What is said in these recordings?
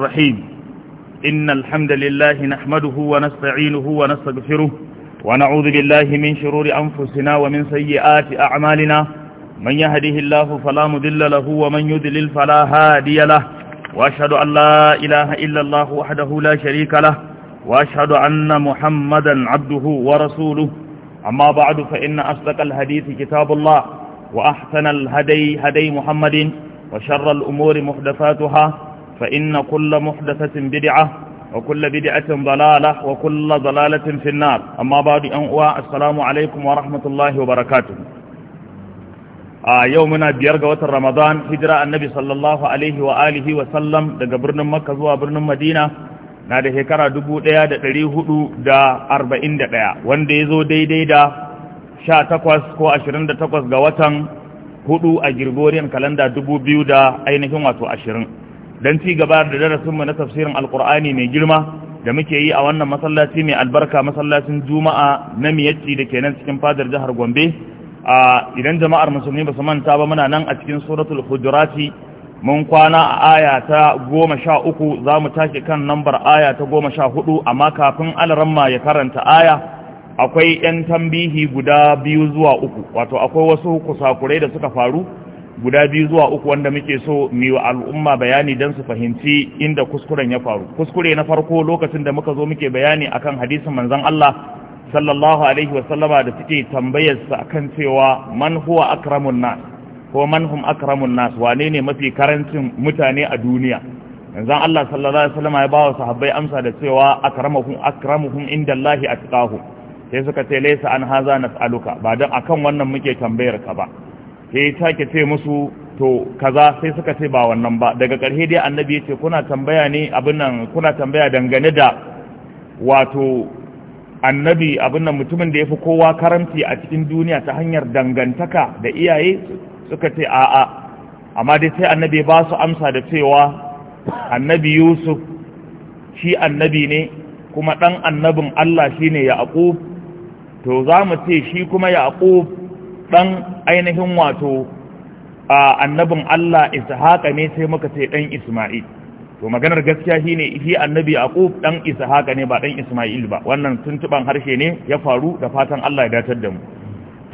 الرحيم إن الحمد لله نحمده ونستعينه ونستغفره ونعوذ بالله من شرور أنفسنا ومن سيئات أعمالنا من يهده الله فلا مذل له ومن يذلل فلا هادي له وأشهد أن لا إله إلا الله وحده لا شريك له وأشهد أن محمدا عبده ورسوله أما بعد فإن أصدق الحديث كتاب الله وأحسن الهدي هدي محمد وشر الأمور محدثاتها فإن كل محدثة بدعة وكل بدعة ضلالة وكل ضلالة في النار أما بعد أنواع السلام عليكم ورحمة الله وبركاته آه يومنا بيرغة رمضان هجرة النبي صلى الله عليه وآله وسلم دقى برن مكة زوا برن مدينة na da shekara ɗaya wanda ya zo daidai da sha takwas ko takwas ga watan hudu a Gregorian kalanda biyu da ainihin wato ashirin. don ci gaba da darasinmu na tafsirin alkur'ani mai girma da muke yi a wannan masallaci mai albarka masallacin juma'a na miyacci da kenan cikin fadar jihar gombe a idan jama'ar musulmi ba su manta ba muna nan a cikin suratul hujurati mun kwana a aya ta goma sha uku za mu tashi kan lambar aya ta goma sha hudu amma kafin alramma ya karanta aya akwai 'yan tambihi guda biyu zuwa uku wato akwai wasu kusakurai da suka faru guda biyu zuwa uku wanda muke so mu wa al'umma bayani don su fahimci inda kuskuren ya faru kuskure na farko lokacin da muka zo muke bayani akan hadisin manzon Allah sallallahu alaihi wa sallama da suke tambayar sa akan cewa man huwa akramun nas ko man hum akramun nas wane ne mafi karancin mutane a duniya manzon Allah sallallahu alaihi wa sallama ya bawa sahabbai amsa da cewa akramuhum akramuhum indallahi atqahu sai suka ce laysa an haza nas'aluka ba dan akan wannan muke tambayar ka ba sai ya take ce musu to kaza sai suka ce ba wannan ba daga ƙarshe dai annabi ya ce kuna tambaya ne abin kuna tambaya dangane da wato annabi abin nan mutumin da ya fi kowa karamci a cikin duniya ta hanyar dangantaka da iyaye suka ce a'a amma dai sai annabi ba su amsa da cewa annabi yusuf shi annabi ne kuma ɗan annabin allah shine yaqub to za mu ce shi kuma yaqub dan ainihin wato annabin Allah Ishaqa ne sai muka ce dan Isma'il to maganar gaskiya shine shi annabi Yaqub dan Ishaqa ne ba dan Isma'il ba wannan tuntuban harshe ne ya faru da fatan Allah ya datar da mu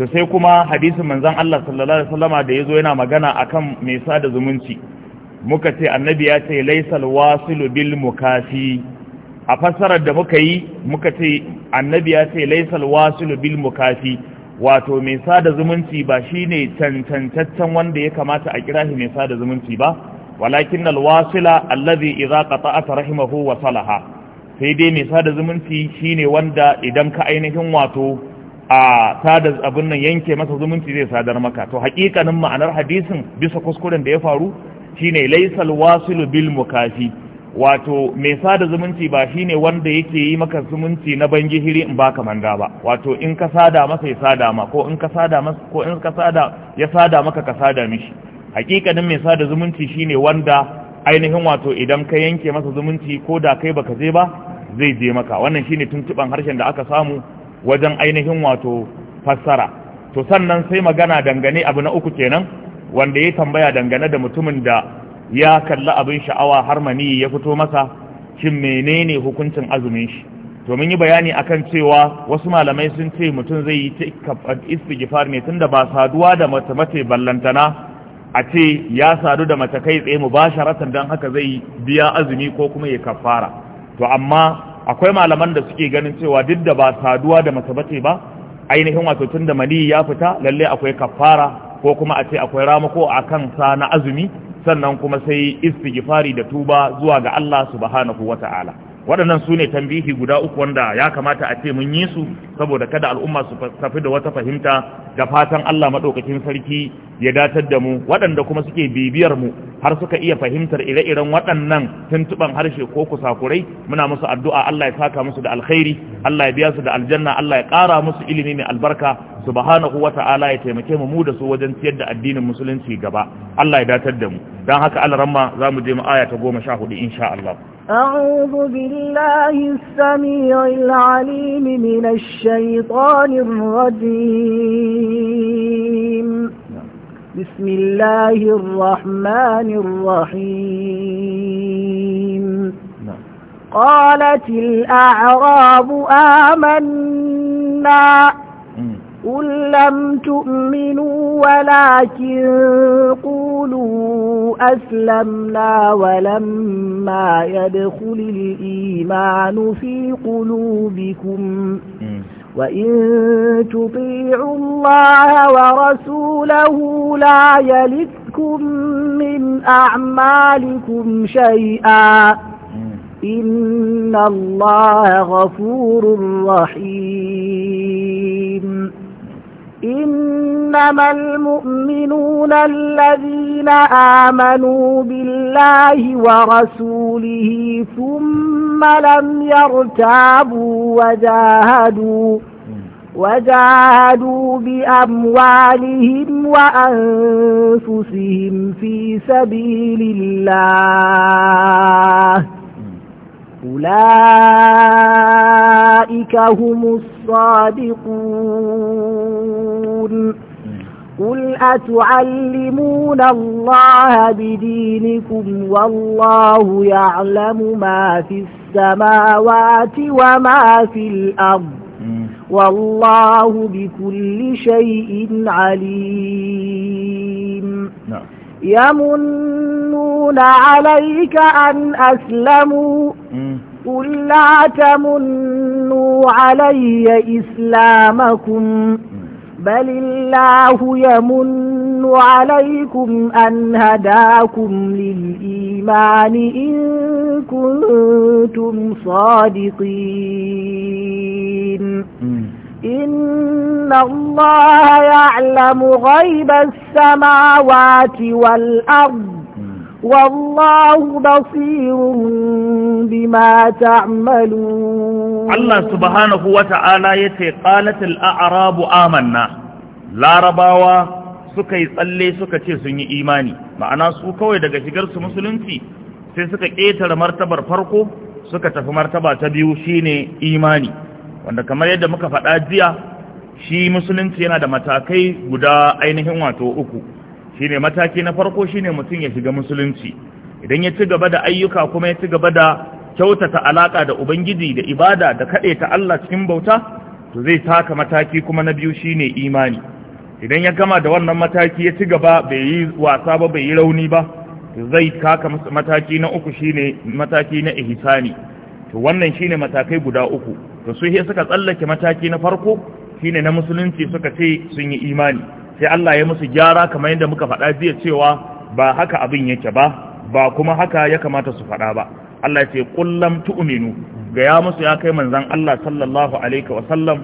to sai kuma hadisin manzon Allah sallallahu alaihi wasallama da yazo yana magana akan mai sada zumunci muka ce annabi ya ce laysal wasilu bil mukafi a fassarar da muka yi muka ce annabi ya ce laysal wasilu bil mukafi wato mai sada zumunci ba shine cancantaccen wanda ya kamata a kira shi mai sada zumunci ba walakin alwasila allazi idza qata'a rahimahu wa salaha sai dai mai sada zumunci shine wanda idan ka ainihin wato a sada abin nan yanke masa zumunci zai sadar maka to hakikanin ma'anar hadisin bisa kuskuren da ya faru shine laysal wasilu bil mukafi wato mai sada zumunci ba shine wanda yake yi maka zumunci na bangihiri in baka manga ba wato in ka sada masa ya sada ma ko in ka sada masa ko in ka sada ya sada maka ka sada mishi hakikanin mai sada zumunci shine wanda ainihin wato idan ka yanke masa zumunci ko da kai baka je ba zai je maka wannan shine tuntuban harshen da aka samu wajen ainihin wato fassara to sannan sai magana dangane abu na uku kenan wanda ya tambaya dangane da mutumin da ya kalli abin sha'awa har mani ya fito masa shin menene hukuncin azumin shi to mun yi bayani akan cewa wasu malamai sun ce mutum zai yi istighfar ne tunda ba saduwa da mace mace ballantana a ce ya sadu da mace kai tsaye mu dan haka zai biya azumi ko kuma ya kafara to amma akwai malaman da suke ganin cewa duk da ba saduwa da mace bace ba ainihin wato tunda maniyi ya fita lalle akwai kafara ko kuma a ce akwai ramako a kan sa na azumi sannan kuma sai istighfari da tuba zuwa ga Allah subhanahu wata'ala waɗannan su ne tambihi guda uku wanda ya kamata a ce mun yi su saboda kada al'umma su tafi da wata fahimta da fatan Allah maɗaukakin sarki ya datar da mu waɗanda kuma suke bibiyar mu har suka iya fahimtar ire-iren waɗannan tuntuɓan harshe ko kusakurai muna musu addu'a Allah ya saka musu da alkhairi Allah ya biya su da aljanna Allah ya ƙara musu ilimi mai albarka subhanahu wata'ala ya taimake mu mu da su wajen ciyar da addinin musulunci gaba Allah ya datar da mu don haka alaramma za mu je mu aya ta goma sha hudu insha Allah أعوذ بالله السميع العليم من الشيطان الرجيم بسم الله الرحمن الرحيم قالت الأعراب آمنا قل لم تؤمنوا ولكن قولوا أسلمنا ولما يدخل الإيمان في قلوبكم وإن تطيعوا الله ورسوله لا يلدكم من أعمالكم شيئا إن الله غفور رحيم إنما المؤمنون الذين آمنوا بالله ورسوله ثم لم يرتابوا وجاهدوا وجاهدوا بأموالهم وأنفسهم في سبيل الله أولئك هم الصادقون قل أتعلمون الله بدينكم والله يعلم ما في السماوات وما في الأرض والله بكل شيء عليم نعم يمنون عليك أن أسلموا قل لا تمنوا علي إسلامكم بل الله يمن عليكم أن هداكم للإيمان إن كنتم صادقين إن الله يعلم غيب السماوات والأرض والله بصير بما تعملون الله سبحانه وتعالى يتي قالت الأعراب آمنا لا رباوا suka yi tsalle suka ce sun yi imani ma'ana su kawai daga shigarsu musulunci sai suka ƙetare martabar farko suka tafi martaba ta biyu shine imani wanda kamar yadda muka faɗa jiya shi musulunci yana da matakai guda ainihin wato uku shine mataki na farko shine mutum ya shiga musulunci idan ya ci gaba da ayyuka kuma ya ci gaba da kyautata alaka da ubangiji da ibada da kaɗe ta Allah cikin bauta to zai taka mataki kuma na biyu shine imani idan ya gama da wannan mataki ya ci gaba bai yi wasa ba bai yi rauni ba zai taka mataki na uku shine mataki na ihsani to wannan shine matakai guda uku to su he suka tsallake mataki na farko shine na musulunci suka ce sun yi imani sai Allah ya musu gyara kamar yadda muka faɗa jiya cewa ba haka abin yake ba ba kuma haka ya kamata su faɗa ba Allah ya ce kullam tu'minu ga ya musu ya kai manzon Allah sallallahu alaihi wa sallam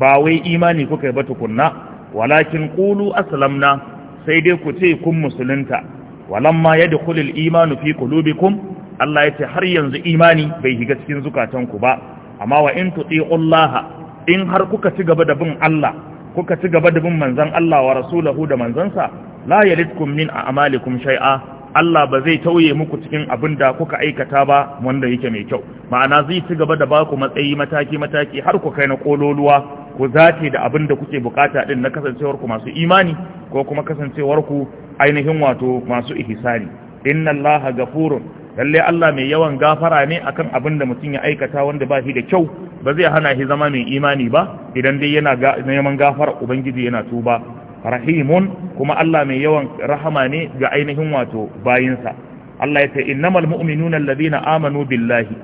ba wai imani kuka yi ba tukunna walakin qulu aslamna sai dai ku ce kun musulunta walamma yadkhulul imanu fi qulubikum Allah ya ce har yanzu imani bai higa cikin zukatanku ba amma wa in tuti'ullaha in har kuka ci gaba da bin Allah kuka ci gaba da bin manzon Allah wa Rasuluhu da manzansa la yalidkum min a'malikum shay'a Allah ba zai tauye muku cikin abin da kuka aikata ba wanda yake mai kyau ma'ana zai ci gaba da baku matsayi mataki mataki har ku kai na kololuwa ku zace da abin da kuke bukata din na kasancewar ku masu imani ko kuma kasancewar ku ainihin wato masu ihsani inna allaha ghafurun lalle Allah mai yawan gafara ne akan abin da mutum ya aikata wanda ba shi da kyau ba zai hana shi zama mai imani ba idan dai yana neman gafara ubangiji yana tuba rahimun kuma Allah mai yawan rahama ne ga ainihin wato bayinsa Allah ya ce innamal mu'minuna alladhina amanu billahi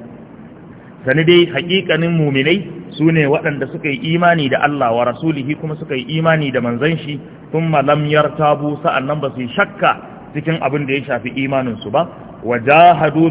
sani dai haƙiƙanin muminai su ne waɗanda suka yi imani da Allah wa rasulihi kuma suka yi imani da manzan shi sun malam yartabu nan ba su yi shakka cikin abin da ya shafi imaninsu ba wa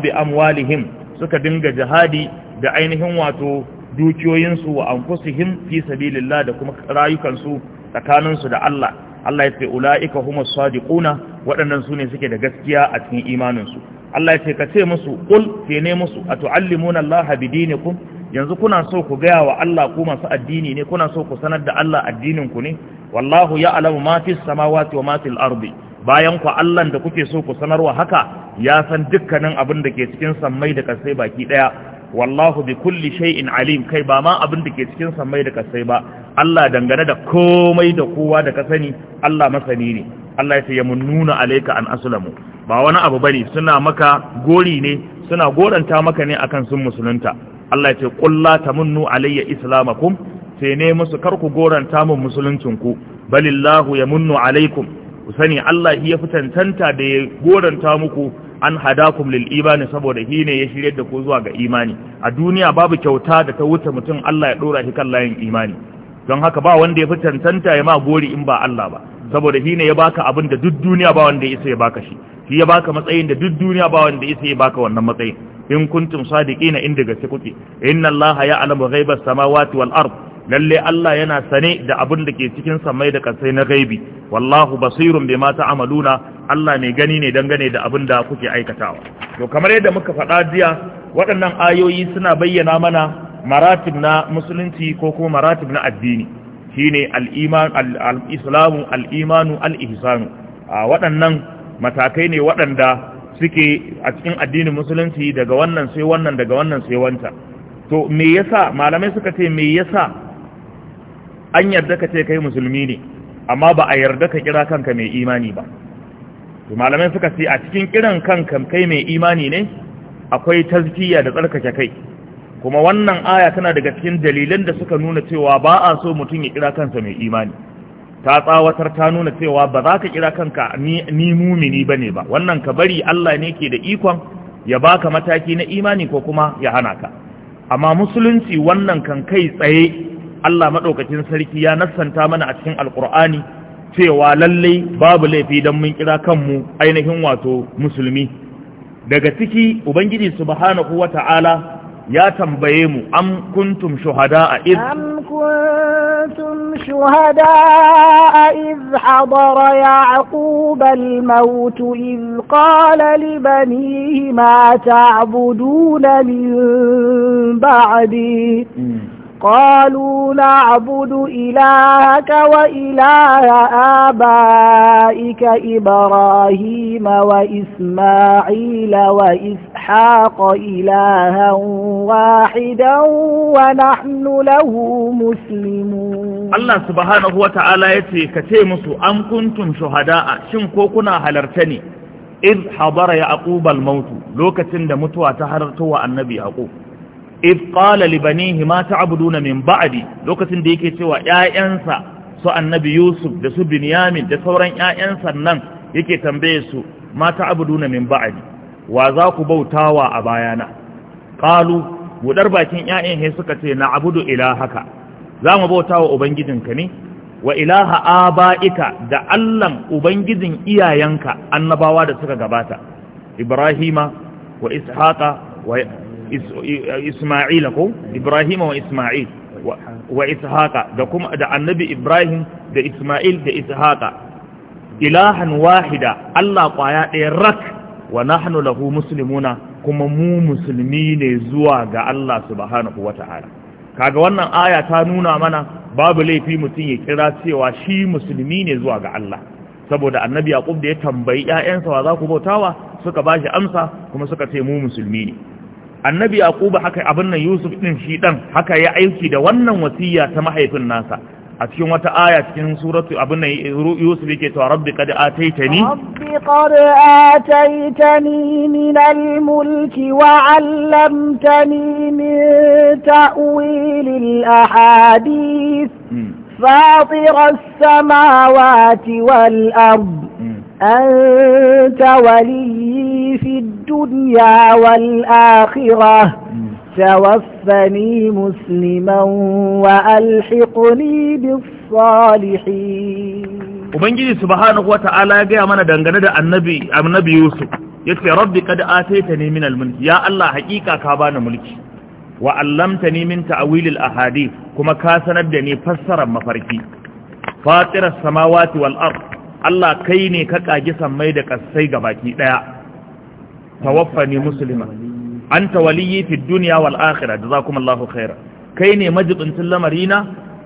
bi amwalihim suka dinga jihadi da ainihin wato dukiyoyinsu wa anfusihim fi sabilillah da kuma rayukansu tsakaninsu da Allah Allah ya ce ula'ika huma sadiquna waɗannan sune suke da gaskiya a cikin imaninsu Allah ya ce ka ce musu qul fene ne musu atu'allimuna Allah bidinikum yanzu kuna so ku gaya wa Allah ku masu addini ne kuna so ku sanar da Allah addinin ku ne wallahu ya'lamu ma fis samawati wa ma fil ardi bayan ku Allah da kuke so ku sanarwa haka ya san dukkanin abin da ke cikin sammai da kasai baki daya wallahu bi kulli shay'in alim kai ba ma abin da ke cikin sammai da kasai ba Allah dangane da komai da kowa da ka sani Allah masani ne Allah ya ce nuna alayka an aslamu ba wani abu bane suna maka gori ne suna goranta maka ne akan sun musulunta Allah ya ce qul la tamunnu alayya islamakum sai ne musu karku goranta mun musuluncinku balillahu yamunnu alaykum ku sani Allah ya fi tantanta da ya goranta muku an hadakum lil imani saboda shi ne ya shirye da ku zuwa ga imani a duniya babu kyauta da ta wuce mutum Allah ya dora shi kan layin imani don haka ba wanda ya fi tantanta ya ma gori in ba Allah ba saboda shi ne ya baka abin da duk duniya ba wanda ya isa ya baka shi shi ya baka matsayin da duk duniya ba wanda ya isa ya baka wannan matsayin in kuntum sadiqina inda gaske kuke inna Allah ya alamu ghaibas samawati wal ardh lalle Allah yana sane da abin da ke cikin samai da kasai na gaibi wallahu basirun bima amaluna. Allah mai gani ne dangane da abin da kuke aikatawa to kamar yadda muka faɗa jiya waɗannan ayoyi suna bayyana mana maratib na musulunci ko kuma maratib na addini shine al-iman al-islamu al-imanu al-ihsanu waɗannan matakai ne waɗanda suke a cikin addinin musulunci daga wannan sai wannan daga wannan sai wanta to me yasa malamai suka ce me yasa an yarda ka ce kai musulmi ne amma ba a yarda ka kira kanka mai imani ba to malamai suka ce a cikin kiran kanka kai mai imani ne akwai tazkiya da tsarkake kai kuma wannan aya tana daga cikin dalilan da suka nuna cewa ba a so mutum ya kira kansa mai imani ta tsawatar ta nuna cewa ba za ka kira kanka ni mumini ba ne ba wannan ka bari Allah ne ke da ikon ya baka mataki na imani ko kuma ya hana ka amma musulunci wannan kan kai tsaye Allah maɗaukacin sarki ya nassanta mana a cikin Alƙur'ani cewa lallai babu laifi dan mun kira kanmu ainihin wato musulmi daga ciki ubangiji subhanahu ta'ala ya tambaye mu am kuntum shuhada id am kuntum shuhada'a id hadara yaqub al-maut id qala li banihi ma ta'buduna min ba'di hmm. قالوا نعبد إلهك وإله آبائك إبراهيم وإسماعيل وإسحاق إلها واحدا ونحن له مسلمون الله سبحانه وتعالى يتي كتيمس أم كنتم شهداء شنكوكنا هلرتني إذ حضر يعقوب الموت لوكتن دمتوا تهرتوا النبي يعقوب id qala li banihi ma ta'buduna min ba'di lokacin da yake cewa ƴaƴansa su annabi yusuf da su binyamin da sauran ƴaƴansa nan yake tambaye su ma ta'buduna min ba'di wa za ku bautawa a bayana qalu budar bakin ƴaƴan he suka ce na abudu ilahaka za mu bautawa ubangijinka ne wa ilaha aba'ika da allan ubangijin iyayenka annabawa da suka gabata ibrahima wa ishaqa wa isma'ila ko ibrahim wa isma'il wa ishaqa da kuma da annabi ibrahim da isma'il da ishaqa ilahan wahida Allah kwaya ɗaya rak wa nahnu lahu muslimuna kuma mu musulmi ne zuwa ga Allah subhanahu wata'ala kaga wannan aya ta nuna mana babu laifi mutum ya kira cewa shi musulmi ne zuwa ga Allah saboda annabi yaqub da ya tambayi ƴaƴansa wa za ku bautawa suka bashi amsa kuma suka ce mu musulmi ne annabi yaquba haka abin nan yusuf din shi dan haka ya aiki da wannan wasiya ta mahaifin nasa a cikin wata aya cikin suratu abin nan yusuf yake to rabbi qad ataitani rabbi qad ataitani min al-mulki wa 'allamtani min ta'wil al-ahadith فاطر السماوات والأرض أنت ولي في الدنيا والآخرة توفني مسلما وألحقني بالصالحين Ubangiji subhanahu wata'ala ya gaya mana dangane da annabi annabi Yusuf yace rabbi kad ataitani min al-mulk ya Allah hakika ka bani mulki wa allamtani min ta'wil al kuma ka sanar da ni fassarar mafarki fatiras samawati wal ard Allah kai ne ka kage sammai da ga baki ɗaya. tawaffani muslima anta waliyyi fid da wal kuma jazakumullahu khaira kai ne majibincin lamarina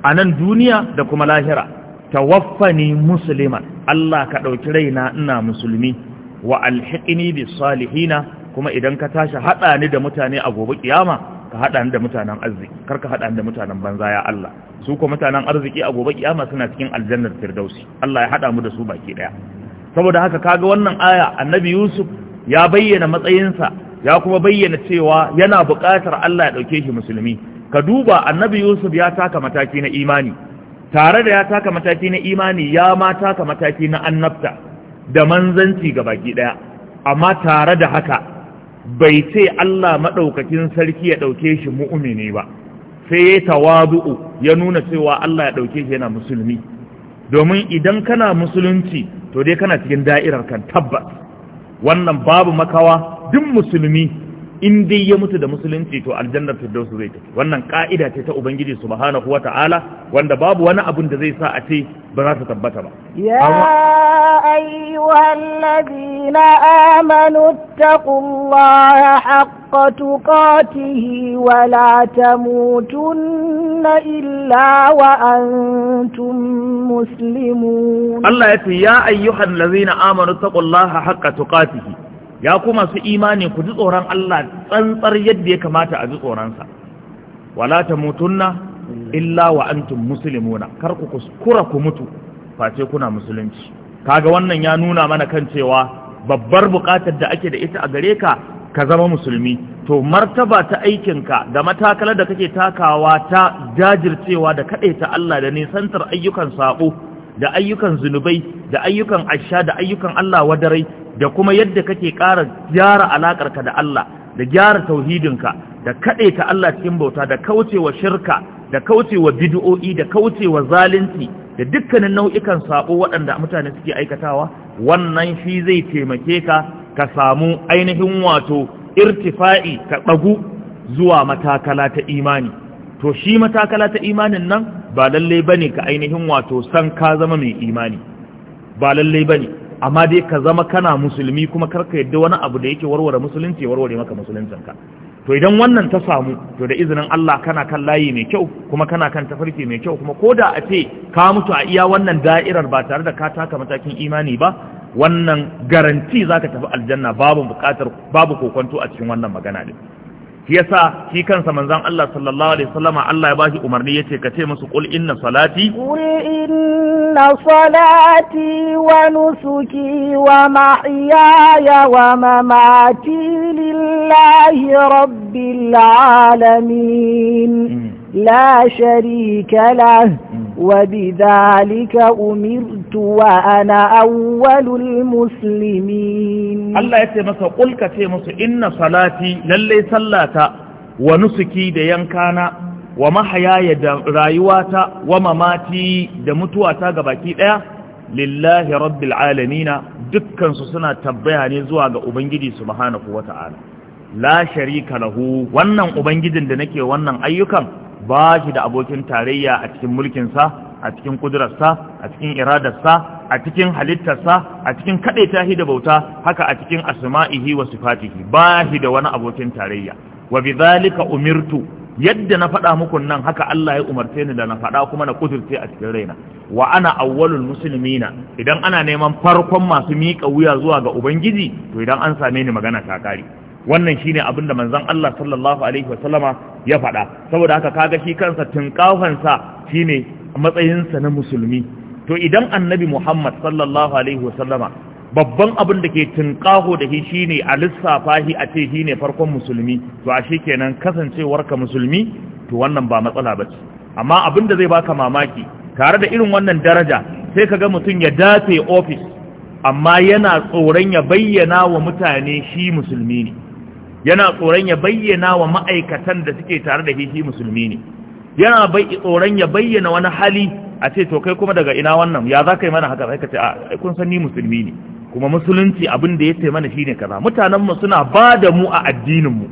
a nan duniya da kuma lahira tawaffani musliman Allah ka ɗauki raina ina musulmi wa alhiqni bi salihina kuma idan ka tashi haɗa ni da mutane a gobe kiyama ka haɗa ni da mutanen arziki kar ka haɗa ni da mutanen banza ya Allah su ko mutanen arziki a gobe kiyama suna cikin aljannar firdausi Allah ya haɗa mu da su baki ɗaya saboda haka kaga wannan aya annabi Yusuf ya bayyana matsayinsa ya kuma bayyana cewa yana buƙatar Allah ya ɗauke shi musulmi ka duba annabi yusuf ya taka mataki na imani tare da ya taka mataki na imani ya ma taka mataki na annabta da manzanci ga baki ɗaya amma tare da haka bai ce Allah maɗaukakin sarki ya ɗauke shi mu'umini ba sai ya tawadu'u ya nuna cewa Allah ya ɗauke shi yana musulmi domin idan kana musulunci to dai kana cikin da'irar kan tabbas wannan babu makawa duk musulmi in dai ya mutu da musulunci to aljannar firdaus zai tafi wannan ka'ida ce ta ubangiji subhanahu ta'ala wanda babu wani abun da zai sa a ce ba za ta tabbata ba ya ayyuhal ladina amanu taqullaha haqqa tuqatihi wa la tamutunna illa wa antum muslimun Allah ya ce ya ayyuhal ladina amanu taqullaha haqqa tuqatihi ya ku masu imani ku ji tsoron Allah tsantsar yadda ya kamata a ji tsoronsa wala tamutunna illa wa antum musulmuna. kar ku kuskura ku mutu face kuna musulunci kaga wannan ya nuna mana kan cewa babbar buƙatar da ake da ita a gare ka ka zama musulmi to martaba ta aikin ka, da matakalar da kake takawa ta jajircewa da ta Allah da nisantar ayyukan sabo da ayyukan zunubai da ayyukan asha da ayyukan Allah wadarai da kuma yadda kake ƙara gyara alaƙarka da Allah da gyara tauhidinka da kaɗaita Allah cikin bauta da kaucewa shirka da kaucewa bid'o'i da kaucewa zalunci da dukkanin nau'ikan sabo waɗanda mutane suke aikatawa wannan shi zai taimake ka ka samu ainihin wato irtifa'i ka ɗagu zuwa matakala ta imani to shi matakala ta imanin nan ba lallai bane ka ainihin wato san ka zama mai imani ba lallai bane amma dai ka zama kana musulmi kuma karka yadda wani abu da yake warware musulunci warware maka musuluncinka to idan wannan ta samu to da izinin Allah kana kan layi mai kyau kuma kana kan tafarki mai kyau kuma koda a ce ka mutu a iya wannan da'irar ba tare da ka taka matakin imani ba wannan garanti zaka tafi aljanna babu bukatar babu kokonto a cikin wannan magana din shi yasa shi kansa manzon Allah sallallahu alaihi wasallama Allah ya bashi umarni yace ka ce musu qul inna salati qul inna salati wa nusuki wa mahyaya wa mamati lillahi rabbil alamin mm. la sharika lahu mm. Allah ya ce masa masu inna salati lallai sallata wa nusuki da كتمسى إن صلاتي للي صلاتا ونسكي ديانكانا ومحياي رايواتا ومماتي دمتواتا قباكي ɗaya. lillahi rabbil alamina dukkansu suna tabbaya ne zuwa ga ubangiji subhanahu wata'ala la sharika lahu wannan ubangijin da nake wannan ayyukan ba shi da abokin tarayya a cikin mulkinsa a cikin kudurarsa a cikin iradarsa a cikin halittarsa a cikin kaɗai tahi da bauta haka a cikin asma'ihi wa sifatihi ba shi da wani abokin tarayya wa zalika umirtu yadda na faɗa muku nan haka Allah ya umarce ni da na faɗa kuma na kudurce a cikin raina wa ana awwalul muslimina idan ana neman farkon masu miƙa wuya zuwa ga ubangiji to idan an same ni magana ta kare wannan shine abin da manzon Allah sallallahu alaihi wasallama ya faɗa saboda haka kaga shi kansa tunkafansa shine matsayinsa na musulmi to idan annabi Muhammad sallallahu alaihi wasallama babban abin da ke tunkaho da shi shine a lissafa shi a ce shine farkon musulmi to a shi kenan kasancewarka musulmi to wannan ba matsala bace amma abin da zai baka mamaki tare da irin wannan daraja sai kaga mutum ya dace office amma yana tsoron ya bayyana wa mutane shi musulmi ne yana tsoron ya bayyana wa ma'aikatan da suke tare da shi musulmi ne yana tsoron ya bayyana wani hali a ce to kai kuma daga ina wannan ya za ka yi mana haka sai ka ce a kun san ni musulmi ne kuma musulunci abin da ya ce mana shine kaza mutanen mu suna ba da mu a addinin mu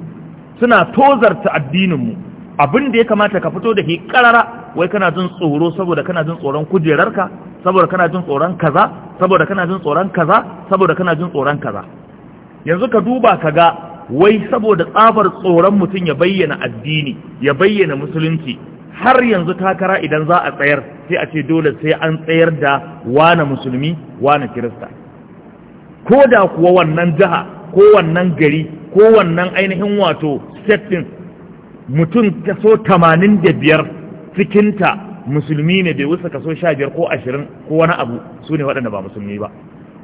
suna tozarta addinin mu abin da ya kamata ka fito da shi karara wai kana jin tsoro saboda kana jin tsoron kujerarka saboda kana jin tsoron kaza saboda kana jin tsoron kaza saboda kana jin tsoron kaza yanzu ka duba ka ga wai saboda tsabar tsoron mutum ya bayyana addini ya bayyana musulunci har yanzu takara idan za a tsayar sai a ce dole sai an tsayar da wane musulmi wane kirista ko da kuwa wannan jiha ko wannan gari ko wannan ainihin wato state mutum kaso biyar, cikinta musulmi ne bai wusa kaso 15 ko 20 ko wani abu su ne waɗanda ba musulmi ba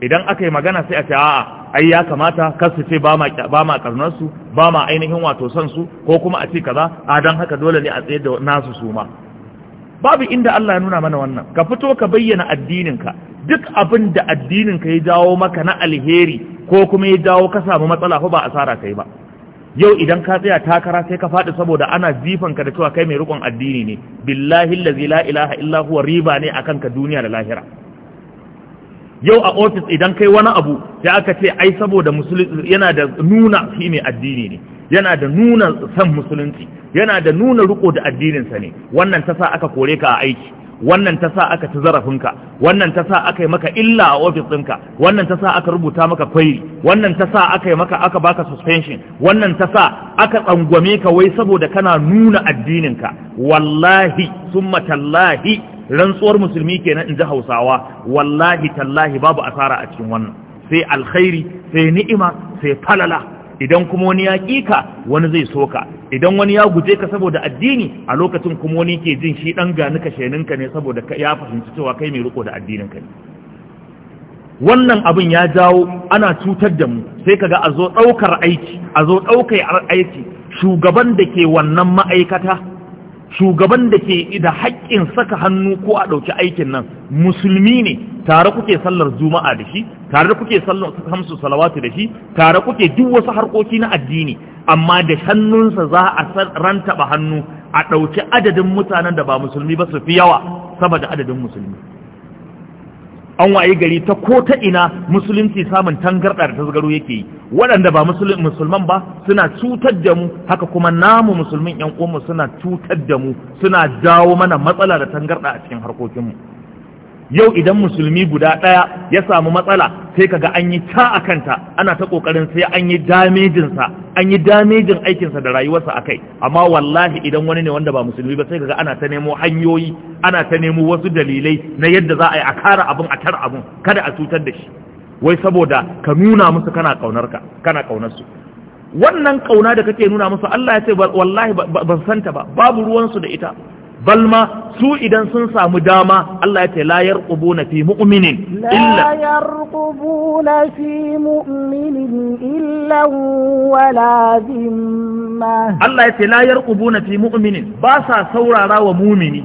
idan aka yi magana sai a ce a'a ai ya kamata kar su ce ba ma karnar su ba ma ainihin wato son su ko kuma a ce kaza a don haka dole ne a tsaye da nasu su ma babu inda Allah ya nuna mana wannan ka fito ka bayyana addininka duk abin da addininka ya jawo maka na alheri ko kuma ya jawo ka samu matsala ko ba asara kai ba yau idan ka tsaya takara sai ka faɗi saboda ana ka da cewa kai mai rikon addini ne billahi allazi la ilaha illa huwa riba ne akan ka duniya da lahira yau a ofis idan kai wani abu sai aka ce ai saboda musulunci yana da nuna shi mai addini ne yana da nuna san musulunci yana da nuna riko da addininsa ne wannan ta sa aka kore ka a aiki wannan ta sa aka ci zarafinka wannan ta sa aka yi maka illa a ofis ɗinka wannan ta sa aka rubuta maka kwairi wannan ta sa aka yi maka aka baka suspension wannan ta sa aka tsangwame ka wai saboda kana nuna addininka wallahi summa rantsuwar musulmi kenan in ji hausawa wallahi tallahi babu asara a cikin wannan sai alkhairi sai ni'ima sai falala idan kuma wani ya kika wani zai soka idan wani ya guje ka saboda addini a lokacin kuma wani ke jin shi dan gani ka sheninka ne saboda ya fahimci cewa kai mai riko da addinin ka wannan abin ya jawo ana cutar da mu sai ka ga a zo ɗaukar aiki a zo ɗaukar aiki shugaban da ke wannan ma'aikata shugaban da ke da haƙƙin saka hannu ko a ɗauki aikin nan musulmi ne tare kuke sallar juma'a da shi tare kuke sallar hamsu salawatu da shi tare kuke duk wasu harkoki na addini amma da hannunsa za a taɓa hannu a ɗauki adadin mutanen da ba musulmi ba su fi yawa saboda adadin musulmi an waye gari ta ko ta ina musulunci samun tangarɗa da tasgaro yake yi waɗanda ba musulman ba suna cutar da mu haka kuma namu musulmin yan uwanmu suna cutar da mu suna jawo mana matsala da tangarɗa a cikin harkokinmu yau idan musulmi guda ɗaya ya samu matsala sai kaga an yi ta a kanta ana ta ƙoƙarin sai an yi damejinsa an yi damejin aikinsa da rayuwarsa a kai amma wallahi idan wani ne wanda ba musulmi ba sai kaga ana ta nemo hanyoyi ana ta nemo wasu dalilai na yadda za a yi a kara abin a tara abin kada a cutar da shi wai saboda ka nuna musu kana kaunar su wannan kauna da kake nuna musu Allah ya ce wallahi ban santa ba babu ruwan su da ita balma su idan sun samu dama Allah ya ce la na fi mu'minin illa la na fi mu'minin illa wala zimma Allah ya ce la na fi mu'minin ba sa saurara wa mu'mini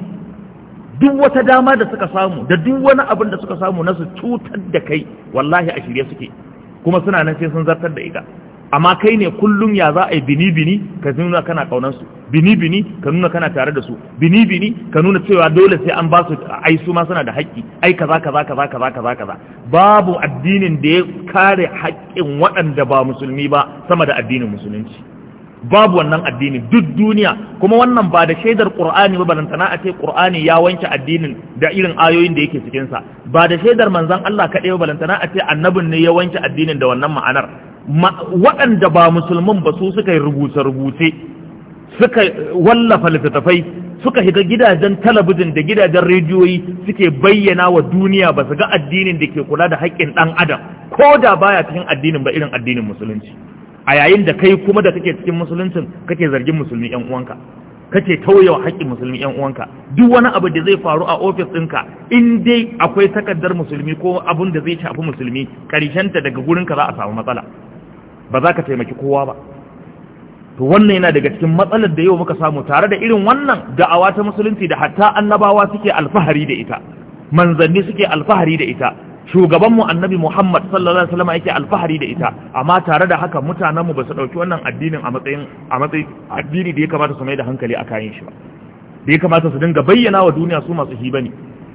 duk wata dama da suka samu da duk wani abin da suka samu na su cutar da kai wallahi a shirye suke kuma suna nan sai sun zartar da ita amma kai ne kullum ya za a yi bini-bini ka nuna kana kaunansu bini-bini ka nuna kana tare da su bini-bini ka nuna cewa dole sai an ba su ai su ma suna da haƙƙi ai kaza kaza kaza kaza kaza kaza babu addinin da ya kare haƙƙin waɗanda ba musulmi ba sama da addinin musulunci babu wannan addini duk duniya kuma wannan ba da shaidar qur'ani ba balantana a ce qur'ani ya wanke addinin da irin ayoyin da yake cikin sa ba da shaidar manzon Allah kaɗai ba balantana a ce annabin ne ya wanke addinin da wannan ma'anar waɗanda ba musulmin ba su suka yi rubuce rubuce suka wallafa littattafai suka shiga gidajen talabijin da gidajen rediyoyi suke bayyana wa duniya ba su ga addinin da ke kula da haƙƙin ɗan adam ko da baya cikin addinin ba irin addinin musulunci a yayin da kai kuma da kake cikin musuluncin kake zargin musulmi yan uwanka kake tauyewa haƙƙin musulmi yan uwanka duk wani abu da zai faru a ofis ɗinka in dai akwai takardar musulmi ko abun da zai shafi musulmi ta daga gurin ka za a samu matsala ba za ka taimaki kowa ba to wannan yana daga cikin matsalar da yau muka samu tare da irin wannan da'awa ta musulunci da hatta annabawa suke alfahari da ita manzanni suke alfahari da ita shugabanmu annabi Muhammad sallallahu alaihi wasallam yake alfahari da ita amma tare da haka mutanenmu ba su dauki wannan addinin a matsayin addini da ya kamata su mai da hankali a kayan shi ba da ya kamata su dinga bayyana wa duniya su masu hi bane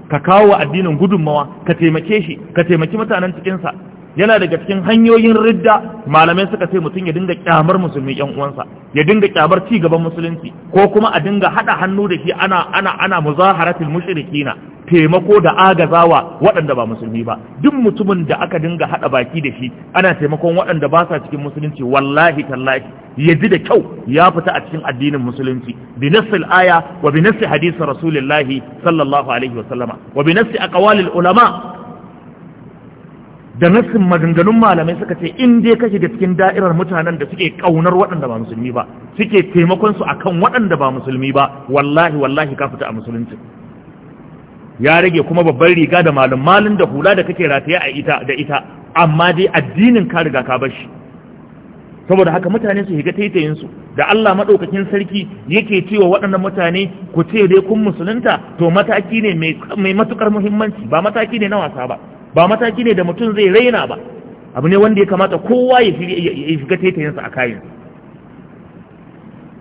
ka kawo addinin gudunmawa ka taimake shi ka taimaki mutanen cikinsa yana daga cikin hanyoyin ridda malamai suka ce mutum ya dinga kyamar musulmi yan uwansa ya dinga kyamar ci gaban musulunci ko kuma a dinga hada hannu da shi ana ana ana muzaharatul mushrikina taimako da agazawa waɗanda ba musulmi ba duk mutumin da aka dinga haɗa baki da shi ana taimakon waɗanda ba sa cikin musulunci wallahi tallahi ya ji da kyau ya fita a cikin addinin musulunci bi nassil aya wa bi nassi hadisi rasulillahi sallallahu alaihi wa sallama wa bi nassi aqwalil ulama da nassin maganganun malamai suka ce in dai kake da cikin da'irar mutanen da suke kaunar waɗanda ba musulmi ba suke taimakon su akan waɗanda ba musulmi ba wallahi wallahi ka fita a musulunci ya rage kuma babban riga da malum malin da hula da kake rataye a ita da ita amma dai addinin ka riga ka bar shi saboda haka mutane su higa taitayin su da Allah madaukakin sarki yake cewa waɗannan mutane ku ce dai kun musulunta to mataki ne mai matukar muhimmanci ba mataki ne na wasa ba ba mataki ne da mutum zai raina ba abu ne wanda ya kamata kowa ya shiga taitayin sa a kayan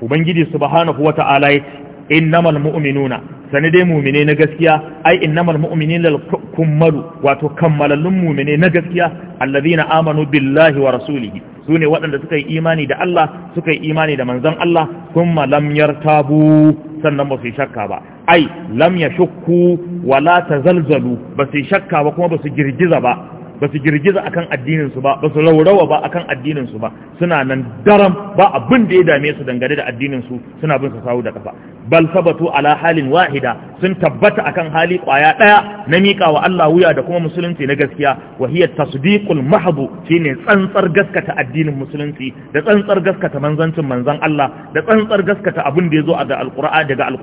ubangiji subhanahu wata'ala yace innamal mu'minuna sani dai mumine na gaskiya ai innamal lal kummalu wato kammalallun mumine na gaskiya allazina amanu billahi wa rasulihi sune waɗanda suka yi imani da Allah suka yi imani da manzon Allah kuma lam yartabu sannan ba su shakka ba ai lam yashukku wala tazalzalu ba su shakka ba kuma ba su girgiza ba ba su girgiza akan addininsu ba ba su raurawa ba akan addininsu ba suna nan daram ba abin da ya dame su dangane da addininsu suna bin su sawu da kafa bal sabatu ala halin wahida sun tabbata akan hali kwaya daya na miƙawa wa Allah wuya da kuma musulunci na gaskiya wa hiya tasdiqul mahbu shine tsantsar gaskata addinin musulunci da tsantsar gaskata manzancin manzan Allah da tsantsar gaskata abin da yazo daga alqur'ani daga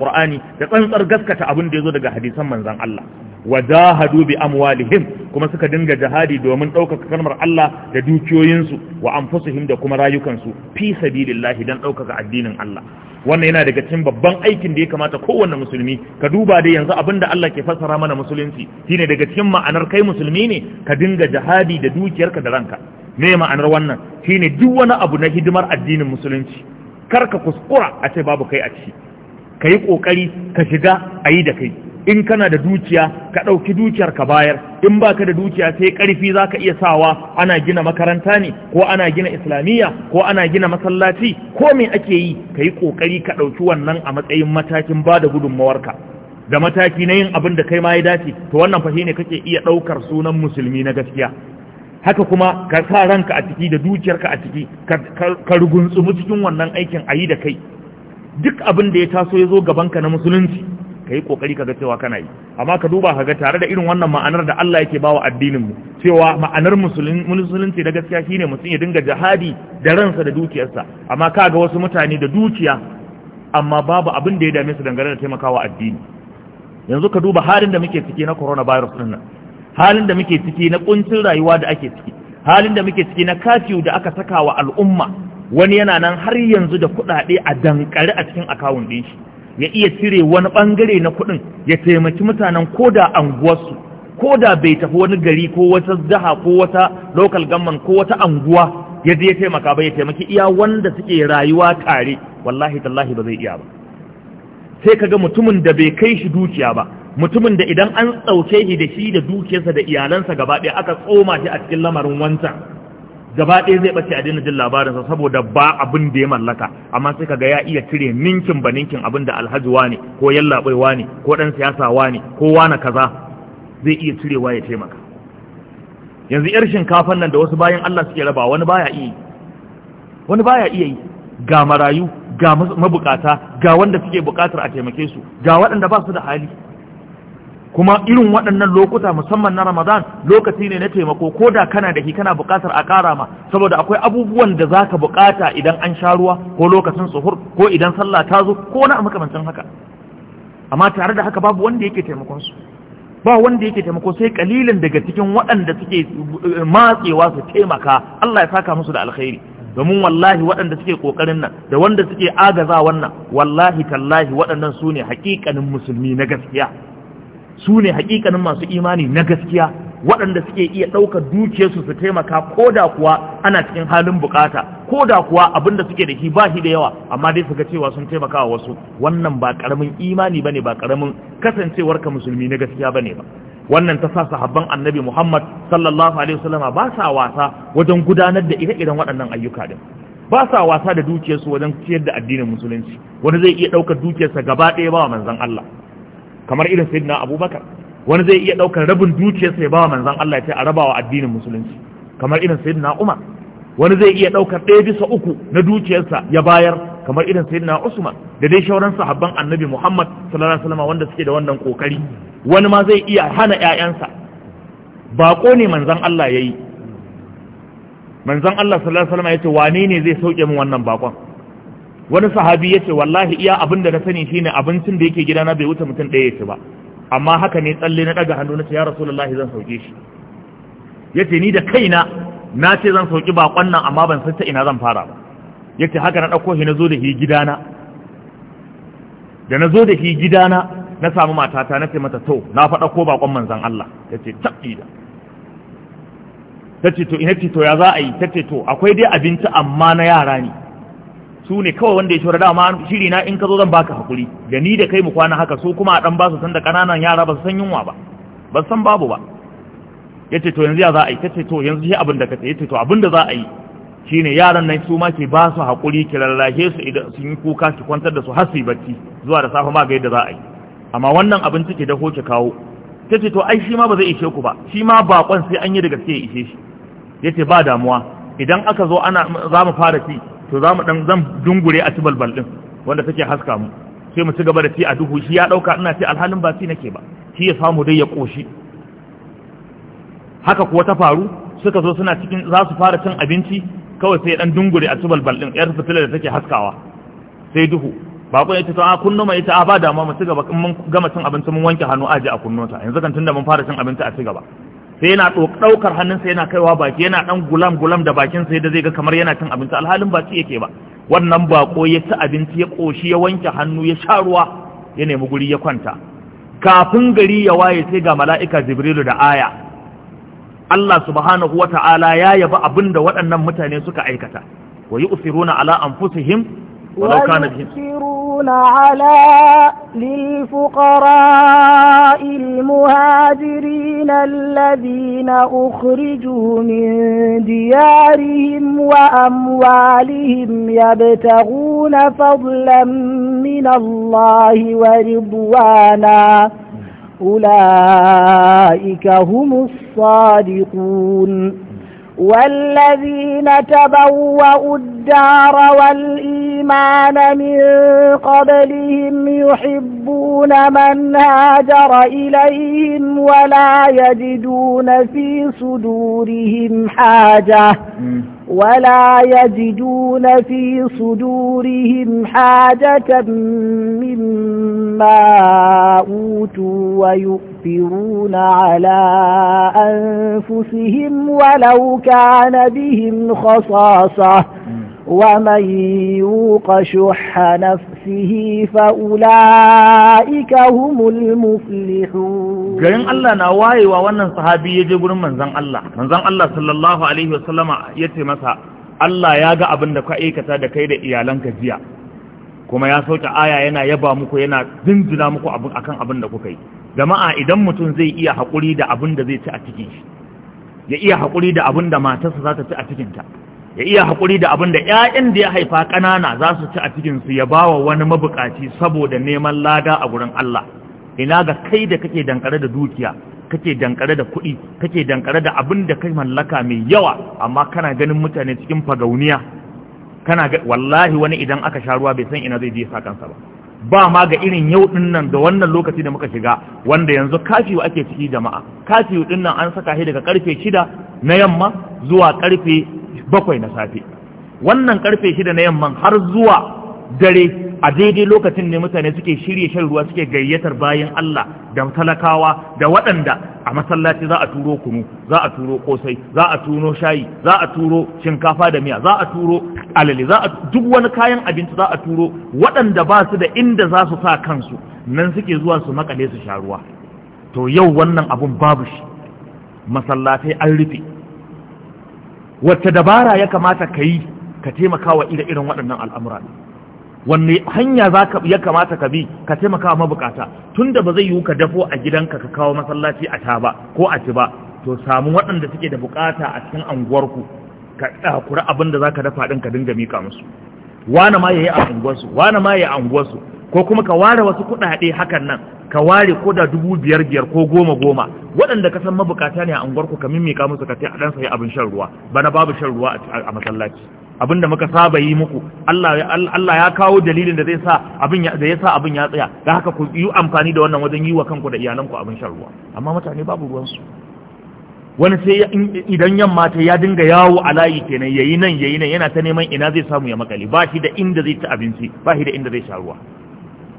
da tsantsar gaskata abin da yazo daga hadisan manzan Allah wajahadu bi amwalihim kuma suka dinga jihadi domin ɗaukaka kalmar Allah da dukiyoyinsu wa anfusuhum da kuma rayukansu fi sabilillahi dan ɗaukaka addinin Allah wannan yana daga cikin babban aikin da ya kamata kowanne musulmi ka duba da yanzu abinda Allah ke fassara mana musulunci shine daga cikin ma'anar kai musulmi ne ka dinga jihadi da dukiyarka da ranka me ma'anar wannan shine duk wani abu na hidimar addinin musulunci kar ka kuskura a ce babu kai a ciki ka yi ƙoƙari ka shiga a yi da kai in kana da dukiya ka ɗauki dukiyar ka bayar in baka da dukiya sai ƙarfi za ka iya sawa ana gina makaranta ne ko ana gina islamiyya ko ana gina masallaci ko me ake yi ka yi ƙoƙari ka ɗauki wannan a matsayin matakin ba da gudunmawarka da mataki na yin abin da kai ma ya dace to wannan fa ne kake iya ɗaukar sunan musulmi na gaskiya haka kuma ka sa ranka a ciki da dukiyarka a ciki ka rugunsumu cikin wannan aikin a yi da kai duk abin da ya taso ya zo gabanka na musulunci kai kokari kaga cewa kana yi amma ka duba kaga tare da irin wannan ma'anar da Allah yake bawa addinin mu cewa ma'anar musulunci da gaskiya shine mutum ya dinga jihadi da ransa da dukiyarsa amma kaga wasu mutane da dukiya amma babu abin da ya dame su dangane da taimakawa addini yanzu ka duba halin da muke ciki na coronavirus din nan halin da muke ciki na kuncin rayuwa da ake ciki halin da muke ciki na kafiyu da aka saka wa al'umma wani yana nan har yanzu da kuɗaɗe a dankare a cikin akawun ɗin shi ya iya cire wani bangare na kuɗin ya taimaki mutanen ko da anguwarsu ko da bai tafi wani gari ko wata jiha ko wata local government ko wata anguwa ya je ya taimaka ba ya taimaki iya wanda suke rayuwa tare wallahi tallahi ba zai iya ba sai kaga mutumin da bai kai shi dukiya ba mutumin da idan an tsauke shi da shi da dukiyarsa da iyalansa gaba ɗaya aka tsoma shi a cikin lamarin wancan gaba ɗaya zai ɓace a daina jin labarinsa saboda ba abin da ya mallaka amma sai ka ga ya iya cire ninkin ba ninkin abin da alhaji ne ko yallaɓai ne ko ɗan siyasa ne ko wane kaza zai iya cirewa ya taimaka yanzu yar shinkafan nan da wasu bayan Allah suke raba wani baya iya yi wani baya iya yi ga marayu ga mabukata ga wanda suke bukatar a taimake su ga waɗanda ba su da hali kuma irin waɗannan lokuta musamman na ramadan lokaci ne na taimako ko da kana da shi kana buƙatar a ƙara ma saboda akwai abubuwan da za ka buƙata idan an sha ruwa ko lokacin tsohur, ko idan sallah ta zo ko wani makamancin haka amma tare da haka babu wanda yake taimakon su ba wanda yake taimako sai kalilin daga cikin waɗanda suke eh, matsewa su taimaka Allah ya saka musu da alkhairi domin wallahi waɗanda suke ƙoƙarin nan da wanda suke agaza wannan wallahi tallahi waɗannan su ne haƙiƙanin musulmi na gaskiya su ne hakikanin masu imani na gaskiya waɗanda suke iya ɗaukar dukiyarsu su taimaka ko da kuwa ana cikin halin bukata ko da kuwa abin da suke da shi ba shi da yawa amma dai su ga cewa sun taimaka wa wasu wannan ba ƙaramin imani ba ne ba ƙaramin ka musulmi na gaskiya ba ne ba wannan ta sa sahabban annabi Muhammad sallallahu alaihi wasallama ba sa wasa wajen gudanar da ire-iren waɗannan ayyuka din ba sa wasa da dukiyarsu wajen ciyar da addinin musulunci wani zai iya ɗaukar dukiyarsa gaba ɗaya ba wa manzon Allah kamar irin sayyidina abubakar wani zai iya daukar rabin dukiyarsa ya bawa manzon Allah ya ce a rabawa addinin musulunci kamar irin sayyidina umar wani zai iya daukar ɗaya bisa uku na dukiyarsa ya bayar kamar irin sayyidina usman da dai shauran sahabban annabi muhammad sallallahu alaihi wasallam wanda suke da wannan kokari wani ma zai iya hana ƴaƴansa bako ne manzon Allah yayi manzon Allah sallallahu alaihi wasallam ya ce wane ne zai sauke min wannan bakon wani sahabi ya ce wallahi iya abin da na sani shine abincin da yake gidana bai wuce mutum ɗaya ya ba amma haka ne tsalle na ɗaga hannu na ce ya rasulullahi zan sauke shi ya ce ni da kaina na ce zan sauki bakon nan amma ban san ta ina zan fara ba ya ce haka na ɗauko shi na zo da shi gidana da na zo da shi gidana na samu matata na ce mata to na faɗa ko bakon manzan Allah ya ce taɓi da ta ce to ina ce to ya za a yi ta ce to akwai dai abinci amma na yara ne su ne kawai wanda ya shura dama shiri na in ka zo zan baka hakuri da ni da kai mu kwana haka su kuma a dan ba su san da kananan yara ba su san yunwa ba ba san babu ba yace to yanzu ya za a yi tace to yanzu shi abin da kace yace to abin da za a yi shine yaran nan su ma ke ba su hakuri ki lallahe su idan sun yi kuka ki kwantar da su har su bacci zuwa da safe ma ga yadda za a yi amma wannan abinci ke da ka kawo tace to ai shi ma ba zai ishe ku ba shi ma bakon sai an yi da gaske ya ishe shi yace ba damuwa idan aka zo ana za mu fara ci to za mu ɗan zan dungure a tubalbal ɗin wanda take haska mu sai mu ci gaba da ci a duhu shi ya ɗauka ina ce alhalin ba shi nake ba shi ya samu dai ya ƙoshi haka kuwa ta faru suka zo suna cikin za su fara cin abinci kawai sai ɗan dungure a tubalbal ɗin yar fitila da take haskawa sai duhu bakon ita a kunno mai ita a ba damuwa mu ci gaba in mun gama cin abinci mun wanke hannu aje a kunnota yanzu kan tunda mun fara cin abinci a ci gaba sai yana ɗaukar hannunsa yana kaiwa baki yana ɗan gulam-gulam da bakinsa da zai ga kamar yana cin abinci alhalin ba ci yake ba wannan bako ya ci abinci ya ƙoshi ya wanke hannu ya sha ruwa ya nemi guri ya kwanta kafin gari ya waye sai ga mala'ika jibrilu da aya Allah subhanahu wa ta'ala ya yaba abin da waɗannan mutane suka aikata wa yi usiruna ala anfusihim ولو كان بهم ويؤثرون على للفقراء المهاجرين الذين أخرجوا من ديارهم وأموالهم يبتغون فضلا من الله ورضوانا أولئك هم الصادقون والذين تبوأوا الدار والإيمان من قبلهم يحبون من هاجر إليهم ولا يجدون في صدورهم حاجة ولا يجدون في صدورهم حاجة مما أوتوا ويؤثرون على أنفسهم ولو كان بهم خصاصة ومن يوق شح نفسه فأولئك هم المفلحون garin Allah na wayewa wannan sahabi ya je gurin manzon Allah manzon Allah sallallahu ya ce masa Allah ya ga abin da ka aikata da kai da iyalanka jiya kuma ya sauke aya yana yaba muku yana dinjina muku abin akan abin da kuka yi jama'a idan mutum zai iya haƙuri da abin da zai ci a cikin ya iya haƙuri da abin da matarsa za ta ci a cikinta ya iya haƙuri da abin da ‘ya'yan da ya haifa ƙanana za su ci a cikinsu ya ba wa wani mabukaci saboda neman lada a gurin Allah ina ga kai da kake dankare da dukiya kake dankare da kuɗi kake dankare da abin da kai mallaka mai yawa amma kana ganin mutane cikin fagauniya kana ga wallahi wani idan aka sha ruwa bai san ina zai je sa kansa ba ba ma ga irin yau din nan da wannan lokaci da muka shiga wanda yanzu kafiyu ake ciki jama'a kafiyu ɗin nan an saka shi daga karfe shida na yamma zuwa karfe bakwai na safe wannan karfe shida na yamman har zuwa dare a daidai lokacin ne mutane suke shirye shan ruwa suke gayyatar bayan Allah da talakawa da waɗanda a masallaci za a turo kunu za a turo kosai za a turo shayi za a turo shinkafa da miya za a turo alale za a duk wani kayan abinci za a turo waɗanda ba su da inda za su sa kansu nan suke zuwa su makale su sha ruwa to yau wannan abun babu shi masallatai an rufe wacce dabara ya kamata ka yi ka taimaka wa ire irin waɗannan al'amura wanne hanya ya kamata ka bi ka taimaka wa mabukata tun da ba zai yiwu ka dafo a gidanka ka kawo masallaci a ta ba ko a ci ba to samu waɗanda suke da bukata a cikin anguwarku ka ɗakura abin da za ka dafa ɗin ka dinga miƙa musu wane ma ya yi a unguwarsu wane ma ya yi a unguwarsu ko kuma ka ware wasu kuɗaɗe hakan nan ka ware ko da dubu biyar biyar ko goma goma waɗanda ka san mabukata ne a unguwarku ka mimmika musu ka ce a ɗansa ya abin shan ruwa bana babu shan ruwa a masallaci abin da muka saba yi muku Allah ya kawo dalilin da zai sa abin da ya sa abin ya tsaya da haka ku yi amfani da wannan wajen yi wa kanku da iyalanku abin shan ruwa amma mutane babu ruwansu wani sai idan yamma ta ya dinga yawo a layi kenan yayi nan yayi nan yana ta neman ina zai samu ya makale ba shi da inda zai ci abinci ba shi da inda zai sha ruwa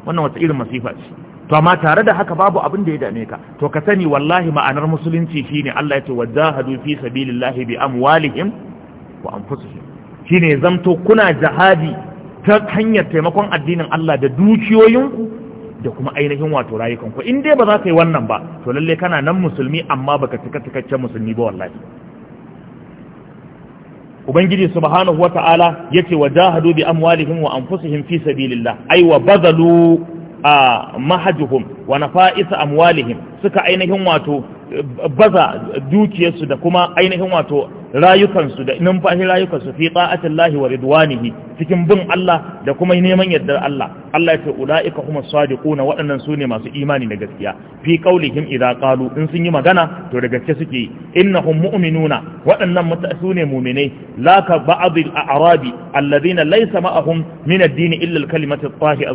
wannan wata irin masifa ce to amma tare da haka babu abin da ya dame ka to ka sani wallahi ma'anar musulunci shine Allah ya ce wajahadu fi sabilillahi bi amwalihim wa anfusihim shine zamto kuna jihadi ta hanyar taimakon addinin Allah da dukiyoyinku da kuma ainihin wato rayukanku in dai ba za ka yi wannan ba to lalle kana nan musulmi amma baka cika cikakken musulmi ba wallahi ubangiji subhanahu ce yace jahadu bi amwalihim wa anfusihim fi sabilillah Aiwa wa bazalu mahajuhum wa faisa amwalihim suka ainihin wato baza dukiyarsu da kuma ainihin wato rayukansu da numfashi rayukansu fi ta'atin lahi wa ridwanihi cikin bin Allah da kuma neman yardar Allah Allah ya ce ula'ika kuma na waɗannan su ne masu imani da gaskiya fi qaulihim idza qalu in sun yi magana to da gaske suke innahum mu'minuna waɗannan su ne mu'minai la ka ba'd al-a'rabi alladhina laysa ma'ahum min ad-din illa al-kalimatu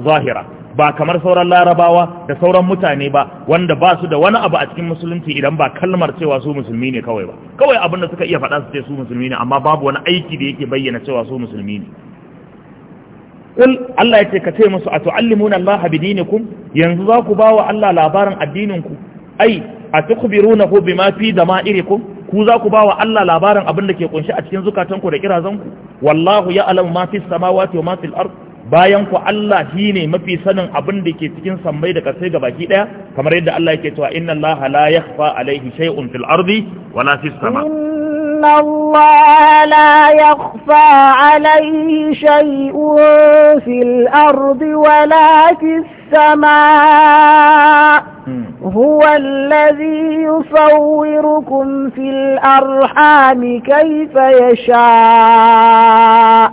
zahira ba kamar sauran larabawa da sauran sauran mutane ba wanda ba su da wani abu a cikin musulunci idan ba kalmar cewa su musulmi ne kawai ba kawai abin da suka iya faɗa su ce su musulmi ne amma babu wani aiki da yake bayyana cewa su musulmi ne kul Allah ya ce ka ce musu a tu'allimuna Allah bi dinikum yanzu za ku bawa Allah labarin addinin ku ai a hu bima fi dama'irikum ku za ku bawa Allah labarin abin da ke kunshi a cikin zukatanku da kirazanku wallahu ya'lamu ma fi samawati wa ma fil ardh bayan ku Allah shi ne mafi sanin abin da ke cikin sammai da kasai baki daya kamar yadda Allah yake cewa inna Allah la yakhfa alayhi shay'un fil ardi wala fis sama inna Allah la yakhfa alayhi shay'un fil ardi wala fis السماء هو الذي يصوركم في الأرحام كيف يشاء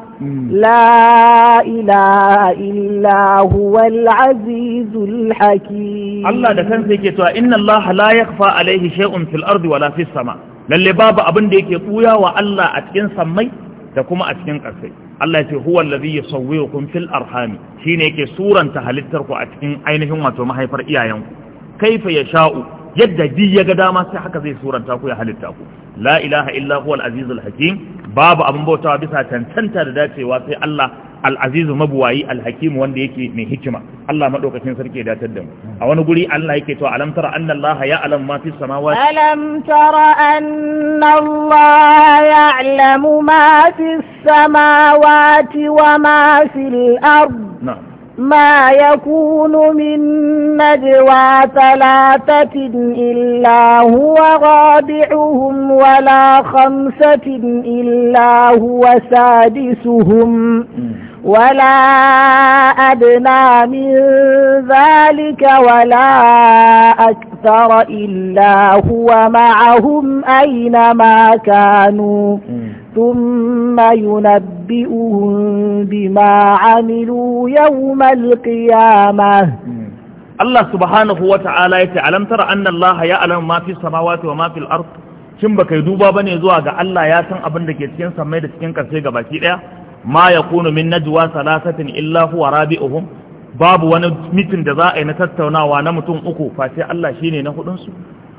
لا إله إلا هو العزيز الحكيم الله ده كان سيكي إن الله لا يخفى عليه شيء في الأرض ولا في السماء للي بابا أبن ديكي قويا وألا أتكين سمي da kuma a cikin ƙarfe Allah ce huwa allazi yusawwirukum fil arhami shine yake suranta halittar ku a cikin ainihin wato mahaifar iyayenku kaifa yasha'u yadda bi ya ga dama sai haka zai suranta ku ya halitta ku la ilaha illa huwa al-aziz al-hakim babu abin bautawa bisa tantanta da dacewa sai Allah al-aziz mabuwayi al-hakim wanda yake mai hikima Allah madaukakin sarki ya datar da mu a wani guri Allah yake cewa alam tara anna Allah ya'lam ma fi samawati alam tara anna Allah ya'lamu ma fi samawati wa ma fil ard na'am ما يكون من نجوى ثلاثة إلا هو رابعهم ولا خمسة إلا هو سادسهم ولا أدنى من ذلك ولا أكثر إلا هو معهم أينما كانوا ثم ينبئهم بما عملوا يوم القيامة Allah subhanahu wa ta'ala ya ce, Alam tara ya alam mafi samawati wa mafi al'arku, cin ba duba ba ne zuwa ga Allah ya san abin da ke cikin samai da cikin ƙarshe ga baki ɗaya? ma yakunu min najwa salasatin illa huwa rabi'uhum babu wani mitin da za a yi na tattaunawa na mutum uku face Allah shine na hudun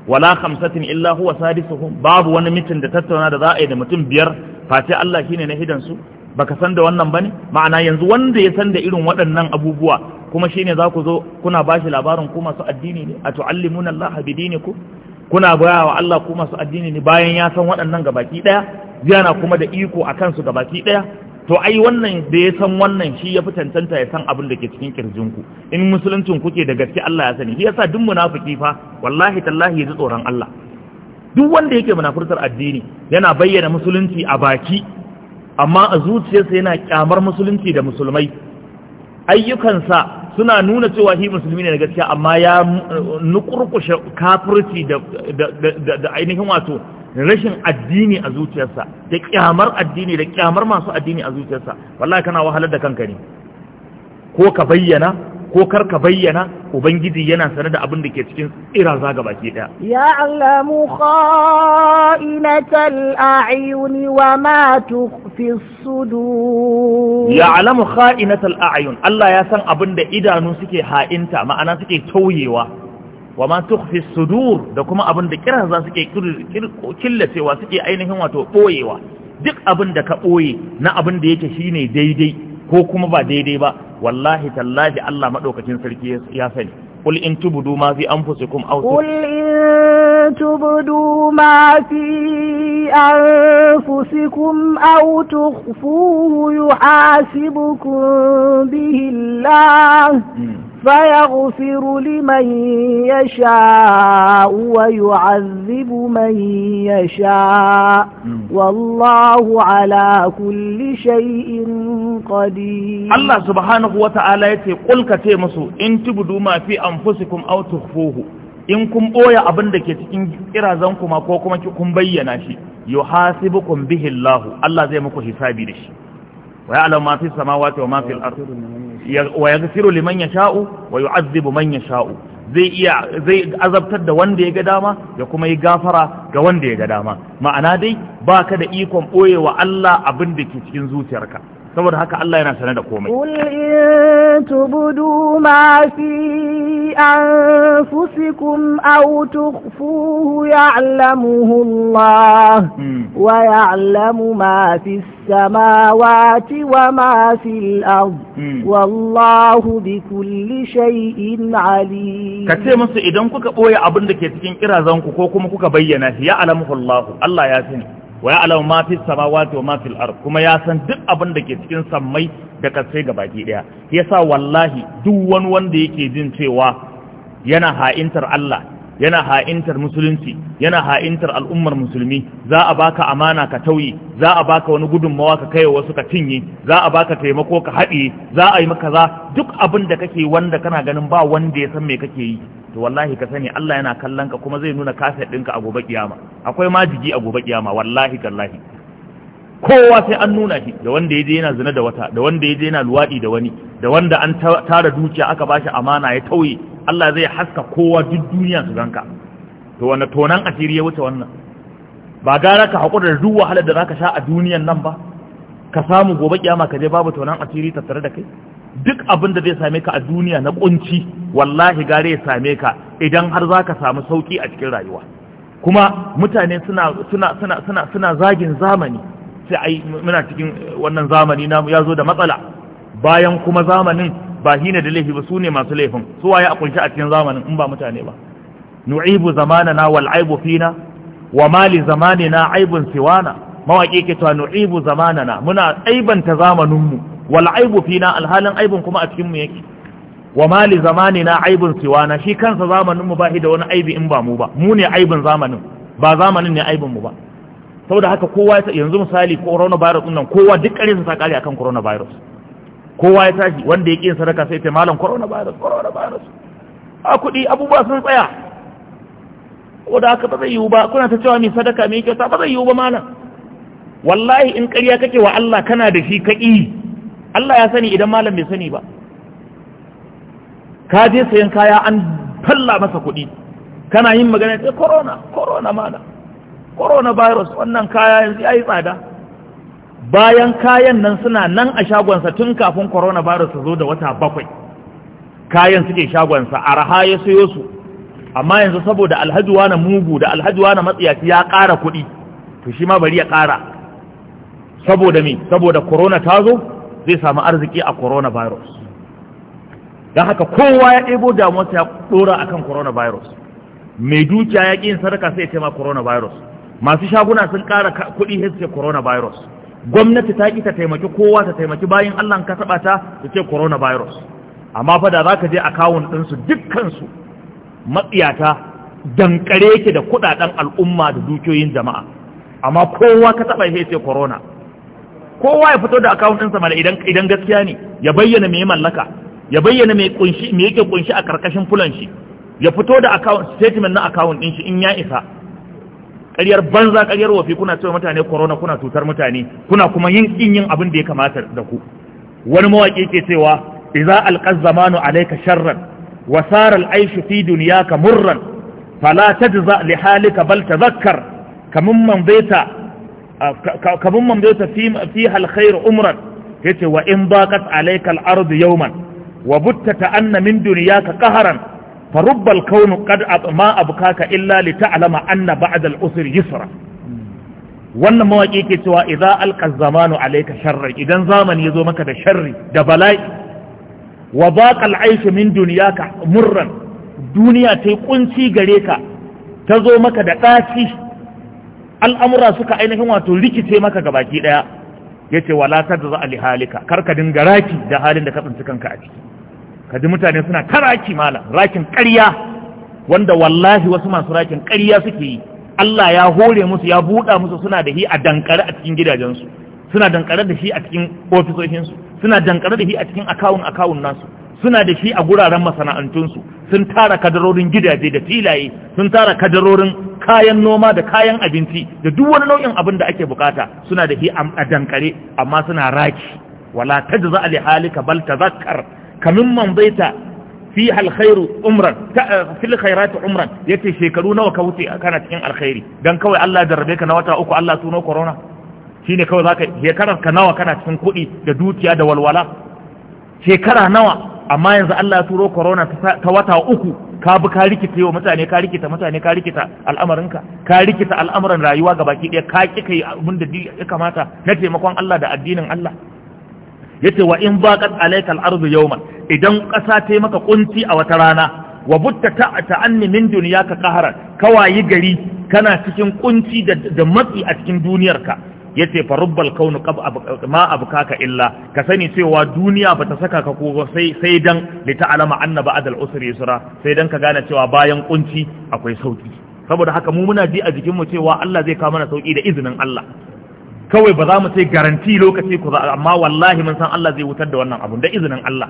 wala khamsatin illa huwa sadisuhum babu wani mitin da tattauna da za a yi da mutum biyar face Allah shine na hidan su baka san da wannan bane ma'ana yanzu wanda ya san da irin waɗannan abubuwa kuma shine za ku zo kuna bashi labarin ku masu addini ne a tu'allimuna Allah bi dinikum kuna baya wa Allah ku masu addini ne bayan ya san waɗannan gabaki daya yana kuma da iko a kansu gabaki daya to ai wannan da ya san wannan shi ya fi tantanta ya san abin da ke cikin ku. in musuluncin kuke da gaske Allah ya sani shi yasa duk munafiki fa wallahi tallahi ya ji tsoron Allah duk wanda yake munafurtar addini yana bayyana musulunci a baki amma a zuciyarsa yana kyamar musulunci da musulmai ayyukansa suna nuna cewa shi musulmi ne da gaskiya amma ya nukurkushe kafirci da ainihin wato rashin addini a zuciyarsa da kyamar addini da kyamar masu addini a zuciyarsa wallahi kana wahalar da kanka ne ko ka bayyana ko kar ka bayyana ubangiji yana sane da abin da ke cikin iraza ga baki daya ya alamu kha'inatal a'yun wa ma tukhfi sudur ya alamu kha'inatal a'yun Allah ya san abin da idanu suke ha'inta ma'ana suke tauyewa wa ma tukhfi sudur da kuma abin da za suke killacewa suke ainihin wato boyewa duk abin da ka boye na abin da yake shine daidai ko kuma ba daidai ba wallahi tallahi Allah madaukakin sarki ya sani qul in tubudu ma fi anfusikum aw qul in tubudu ma fi anfusikum aw tukhfuhu yuhasibukum bihi Allah hmm. فيغفر لمن يشاء ويعذب من يشاء والله على كل شيء قدير الله سبحانه وتعالى يتي قل كتي مسو إن تبدو ما في أنفسكم أو تخفوه in kun ɓoye abin da ke cikin kirazanku ma ko kuma kun bayyana shi yuhasibukum bihi Allah Allah zai muku hisabi da shi wa ya'lamu ma fis samawati wa ma fil ard wa yaghfiru wa yu'adhibu man yasha'u zai zai azabtar da wanda ya ga dama ya kuma yi gafara ga wanda ya ga dama ma'ana dai ba ka da ikon boyewa Allah abin da ke cikin zuciyarka saboda haka Allah yana da komai qul in tubdu ma fi anfusikum aw tukhfuhu ya'lamuhu Allah hmm. wa ya'lamu ma fi samawati wa ma fi al-ard hmm. wallahu bi kulli shay'in alim kace musu idan kuka boye abin da ke cikin kirazanku ko kuma kuka bayyana shi ya'lamuhu Allah Allah ya sani wa ya'lamu ma fis samawati wa ma fil ard kuma ya san duk abin da ke cikin sammai da kasai gabaki daya yasa wallahi duk wani wanda yake jin cewa yana ha'intar Allah yana ha'intar musulunci yana ha'intar al'ummar musulmi za a baka amana ka tauyi za a baka wani gudunmawa ka kai wasu ka cinye za a baka taimako ka haɗe za a yi maka za duk abin da kake wanda kana ganin ba wanda ya san me kake yi to wallahi ka sani Allah yana kallon ka kuma zai nuna kaset ɗinka a gobe kiyama akwai majigi a gobe kiyama wallahi kallahi kowa sai an nuna shi da wanda ya je yana zina da wata da wanda ya je yana luwaɗi da wani da wanda an tara dukiya aka bashi amana ya tauye Allah zai haska kowa duk duniya su ganka to wanda tonan asiri ya wuce wannan ba gara ka haƙura da duk wahalar da zaka sha a duniyan nan ba ka samu gobe kiyama ka je babu tonan asiri tattare da kai duk abin da zai same ka a duniya na kunci wallahi gare ya same ka idan har zaka samu sauki a cikin rayuwa kuma mutane suna suna suna suna suna zagin zamani sai ai muna cikin wannan zamani namu ya zo da matsala bayan kuma zamanin ba hina da laifi ba su ne masu laifin su waye a kunshi a cikin zamanin in ba mutane ba nu'ibu zamanana wal aibu fina wa mali zamanina aibun siwana mawaƙi ke cewa nu'ibu zamanana muna aibanta zamaninmu wal aibu fina alhalin aibun kuma a cikin mu yake wa mali zamanina aibun siwana shi kansa zamaninmu ba shi da wani aibi in ba mu ba mu ne aibin zamanin ba zamanin ne aibun mu ba saboda haka kowa yanzu misali coronavirus din nan kowa duk ƙarin sa kare akan coronavirus kowa ya tashi wanda ya ƙin sadaka sai ta malam corona virus corona virus a kuɗi abubuwa sun tsaya ko da haka ba zai yiwu ba kuna ta cewa mai sadaka mai kyauta ba zai yiwu ba malam wallahi in ƙarya kake wa Allah kana da shi ka ƙi Allah ya sani idan malam bai sani ba ka je sayan kaya an falla masa kuɗi kana yin magana sai eh, corona corona malam corona virus wannan kaya yanzu ya yi tsada bayan kayan nan suna nan a shagonsa tun kafin coronavirus su zo da wata bakwai kayan suke shagonsa a raha ya sayo su amma yanzu saboda alhaji na mugu da alhaji na matsiyaci ya ƙara kuɗi to shi ma bari ya ƙara saboda me saboda corona ta zo zai samu arziki a coronavirus don haka kowa ya ɗebo damuwarsa ya ɗora a kan coronavirus mai dukiya ya ƙi yin sadaka sai ya ce ma coronavirus masu shaguna sun ƙara kuɗi sai coronavirus gwamnati ta ƙi ta taimaki kowa ta taimaki bayan Allah ka taɓa ta ta ce coronavirus amma fa da ka je akawun kawun ɗinsu dukkansu matsiyata dankare ke da kuɗaɗen al'umma da dukiyoyin jama'a amma kowa ka taɓa ya ce corona kowa ya fito da akawun ɗinsa mana idan gaskiya ne ya bayyana mai mallaka ya bayyana me kunshi mai yake kunshi a ƙarƙashin fulan shi ya fito da akawun statement na akawun din shi in ya isa ƙaryar banza ƙaryar wafi kuna cewa mutane corona kuna cutar mutane kuna kuma yin kin yin abin da ya kamata da ku wani mawaƙi ke cewa idza alqaz zamanu alayka sharran wa sara al-aishu fi dunyaka murran fala tajza li halika bal tadhakkar kamun man baita kamun man baita fi fiha al-khair umran yace wa in baqat alayka al-ardu yawman wa butta ta'anna min dunyaka qahran فرب الكون قد ما أبكاك إلا لتعلم أن بعد الأسر يسرا wannan mawaƙi ke cewa idza alqa zamanu alaika sharri idan zamani zo maka da sharri da bala'i wa baqa al'aysh min ka murran duniya tai ƙunci gare ka tazo maka da ɗaci al'amura suka ainihin wato rikice maka gabaki Ya yace wala tadza ka. Kar karka dinga raki da halin da ka tsinci kanka a ciki kaji mutane suna karaki malam rakin ƙarya wanda wallahi wasu masu rakin ƙarya suke yi Allah ya hore musu ya buɗa musu suna da shi a dankare a cikin gidajensu suna dankare da shi a cikin ofisoshinsu suna dankare da shi a cikin akawun akawun nasu suna da shi a guraren masana'antunsu sun tara kadarorin gidaje da filaye sun tara kadarorin kayan noma da kayan abinci da duk wani nau'in abin da ake bukata suna da shi a dankare amma suna raki wala tajza li halika bal tazakkar kamin man baita fi alkhairu umran eh, fil umran yace shekaru nawa ka wuce kana cikin alkhairi dan kawai Allah jarrabe ka na wata uku Allah suno corona shine kawai zaka shekarar ka nawa kana cikin kuɗi da dukiya da walwala shekara nawa amma yanzu Allah ya turo corona ta wata uku ka bi ka rikita yau mutane ka rikita mutane ka rikita al'amarinka ka rikita al'amuran rayuwa gabaki ɗaya ka kika yi abin da ya kamata na taimakon Allah da addinin Allah yace wa in baqat alayka al-ardu yawman idan ƙasa ta maka kunci a wata rana wa butta ta ta'anni min dunyaka qaharan kawayi gari kana cikin kunci da matsi a cikin duniyarka yace fa rubbal kaunu qab ma abkaka illa ka sani cewa duniya bata saka ka ko sai sai dan li ta'lama anna ba'dal usri yusra sai dan ka gane cewa bayan kunci akwai sauki saboda haka mu muna ji a jikin mu cewa Allah zai kawo mana sauki da izinin Allah kawai ba za mu sai garanti lokaci ku za amma wallahi mun san Allah zai wutar da wannan abun da izinin Allah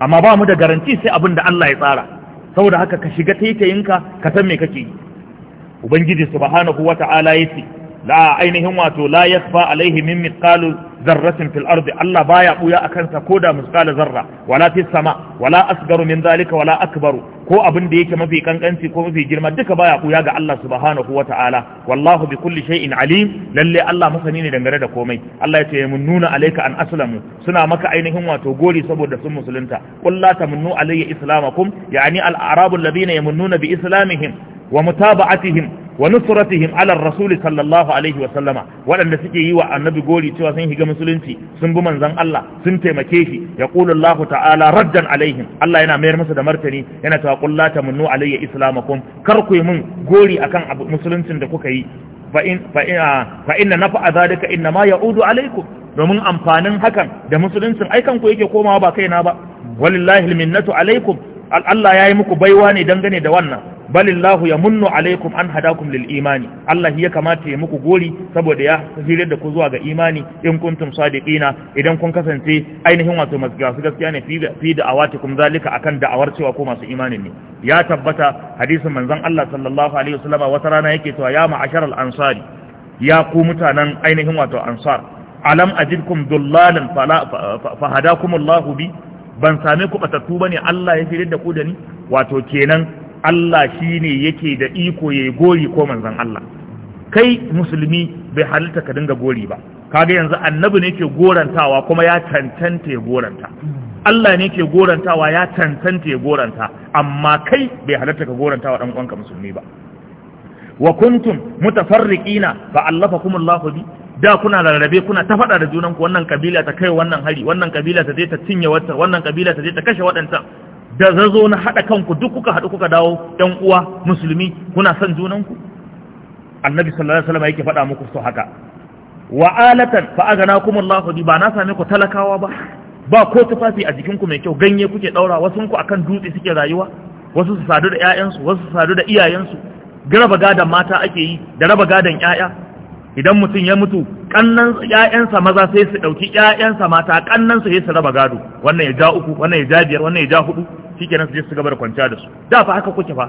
amma ba mu da garanti sai abun da Allah ya tsara saboda haka ka shiga taitayinka ka san me kake yi ubangiji subhanahu wata'ala yace la ainihin wato la yasfa alaihi min mithqalu zarratin fil ardi Allah baya buya akan sa koda mithqala zarra wala fis sama wala asgaru min zalika wala akbaru ko abin da yake mafi kankanci ko mafi girma duka baya buya ga Allah subhanahu ta'ala wallahu bi kulli shay'in alim lalle Allah masani ne dangane da komai Allah ya ce mun nuna alayka an aslamu suna maka ainihin wato gori saboda sun musulunta qul la tamunnu alayya islamakum yani al arabu alladhina yamunnuna bi islamihim wa mutaba'atihim wa nusratihim ala rasul sallallahu alaihi wa sallama waɗanda suke yi wa annabi gori cewa sun higa musulunci sun bi manzon Allah sun taimake shi yaqulu Allah ta'ala raddan alaihim Allah yana mayar masa da martani yana ta qul la tamannu alayya islamakum kar ku yi mun gori akan musuluncin da kuka yi fa in fa in ah, fa inna nafa inna ma ya'udu alaikum domin amfanin hakan da musuluncin aikan ku yake komawa ba kaina ba walillahi minnatu alaikum Allah ya yi muku baiwa ne dangane da wannan balillahu ya munnu alaikum an hadakum lil imani Allah ya kamata ya muku gori saboda ya hirar da ku zuwa ga imani in kuntum sadiqina idan kun kasance ainihin wato masu gaskiya ne fi da awatikum zalika akan da'awar cewa ko masu imanin ne ya tabbata hadisin manzon Allah sallallahu alaihi wasallam wata rana yake cewa ya ma'asharal ansari ya ku mutanen ainihin wato ansar alam ajidkum dullalan fa hadakumullahu bi ban same ku batattu bane Allah ya hirar da ku da ni wato kenan Allah shi ne yake da iko ya yi gori ko manzan Allah kai musulmi bai halitta ka dinga gori ba kaga yanzu annabi ne ke gorantawa kuma ya cancanta ya goranta Allah ne ke gorantawa ya cancanta ya goranta amma kai bai halitta ka gorantawa dan kwanka musulmi ba wa kuntum mutafarriqina fa allafakum Allah bi da kuna rarrabe kuna ta faɗa da junanku wannan kabila ta kai wannan hari wannan kabila ta je ta cinye wannan kabila ta je ta kashe waɗancan da zazo na haɗa kanku duk kuka haɗu kuka dawo ɗan uwa musulmi kuna son junanku annabi sallallahu alaihi wasallam yake faɗa muku so haka wa alatan fa aganakum Allahu bi ba na same ku talakawa ba ba ko tufafi a jikinku mai kyau ganye kuke ɗaura wasu ku akan dutse suke rayuwa wasu su sadu da ƴaƴansu wasu su sadu da iyayensu garaba gadan mata ake yi da raba gadan ƴaƴa idan mutum ya mutu kannan ƴaƴansa maza sai su ɗauki ƴaƴansa mata kannan su sai su raba gado wannan ya ja uku wannan ya ja biyar wannan ya ja hudu nan su je su gaba da kwanciya da su da fa haka kuke fa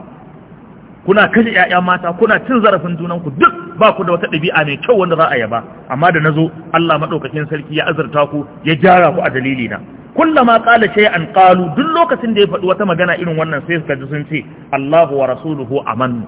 kuna kashe ƴaƴa mata kuna cin zarafin junan ku duk ba ku da wata ɗabi'a mai kyau wanda za a yaba amma da nazo Allah madaukakin sarki ya azurta ku ya jara ku a dalili na kullama qala shay'an qalu duk lokacin da ya faɗi wata magana irin wannan sai suka ji sun ce Allahu wa rasuluhu Aman.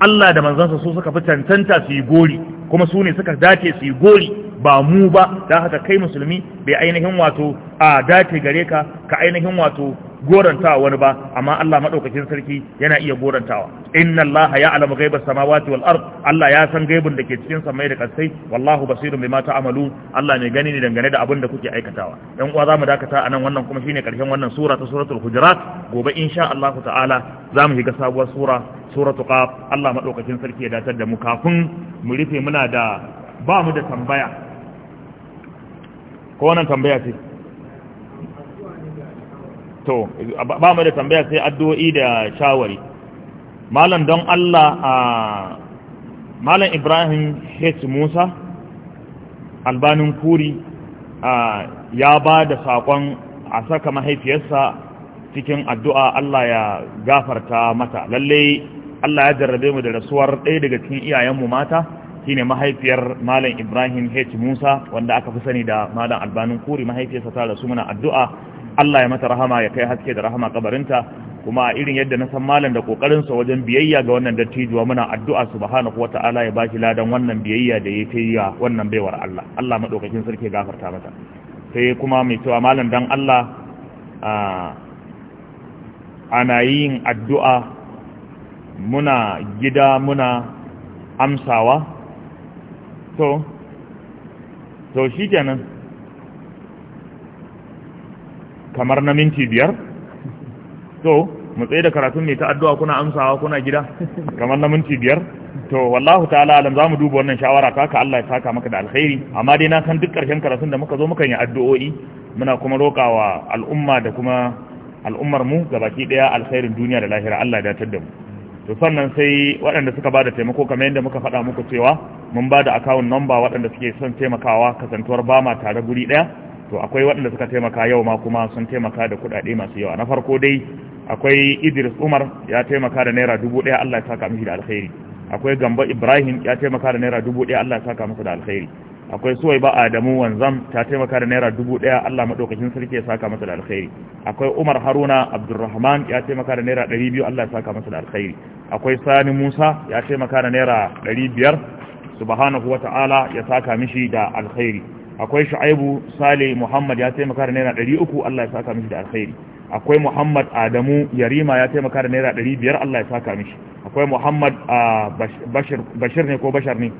Allah da manzansa su suka fi tantanta su yi gori kuma su ne suka dace su yi gori ba mu ba da haka kai musulmi bai ainihin wato a dace gare ka ka ainihin wato gorantawa wani ba amma Allah madaukakin sarki yana iya gorantawa inna Allah ya'lamu ghaibas samawati wal ard Allah ya san gaibin da ke cikin samai da kasai wallahu basirun bima ta'malu Allah mai gani ne dangane da abin da kuke aikatawa dan uwa zamu dakata anan wannan kuma shine karshen wannan sura ta suratul hujurat gobe insha Allah ta'ala zamu shiga sabuwar sura suratu qaf Allah madaukakin sarki ya datar da mu kafin mu rufe muna da ba mu da tambaya ko wannan tambaya ce to ba mu da tambaya sai addu'o'i da shawari malam don Allah a malam Ibrahim H Musa albanin kuri ya ba da sakon a saka mahaifiyarsa cikin addu'a Allah ya gafarta mata lalle Allah ya jarrabe mu da rasuwar ɗaya daga cikin iyayenmu mata shine mahaifiyar malam ibrahim h musa wanda aka fi sani da malam albanin kuri mahaifiyarsa ta rasu muna addu'a Allah ya mata rahama ya kai haske da rahama kabarinta kuma a irin yadda na san malam da kokarin sa wajen biyayya ga wannan dattijuwa muna addu'a subhanahu wata'ala ya bashi ladan wannan biyayya da yake yi wannan baiwar Allah Allah madaukakin sarki gafarta mata sai kuma mai cewa malam dan Allah ana yin addu'a muna gida muna amsawa to to shikenan kamar na minti biyar to mu tsaye da karatun ne ta addu'a kuna amsawa kuna gida kamar na minti biyar to wallahu ta'ala alam zamu duba wannan shawara ta ka Allah ya saka maka da alkhairi amma dai na san duk karshen karatun da muka zo muka yi addu'o'i muna kuma rokawa al'umma da kuma al'ummar mu gabaki daya alkhairin duniya da lahira Allah ya datar da mu to sannan sai waɗanda suka bada taimako kamar yadda muka faɗa muku cewa mun bada account number waɗanda suke son taimakawa kasantuwar ba ma tare guri daya to akwai waɗanda suka taimaka yau ma kuma sun taimaka da kuɗaɗe masu yawa na farko dai akwai idris umar ya taimaka da naira dubu ɗaya allah ya saka mishi da alkhairi akwai Gambo ibrahim ya taimaka da naira dubu ɗaya allah ya saka masa da alkhairi akwai suwai ba adamu wanzam ta taimaka da naira dubu ɗaya allah maɗaukakin sarki ya saka masa da alkhairi akwai umar haruna abdulrahman ya taimaka da naira ɗari biyu allah ya saka masa da alkhairi akwai sani musa ya taimaka da naira ɗari biyar subhanahu wa ta'ala ya saka mishi da alkhairi akwai shu'aibu sale muhammad ya taimaka da naira 300 Allah ya saka mishi da alkhairi akwai muhammad adamu yarima ya taimaka da naira 500 Allah ya saka mishi akwai muhammad bashir bashir ne ko bashar ne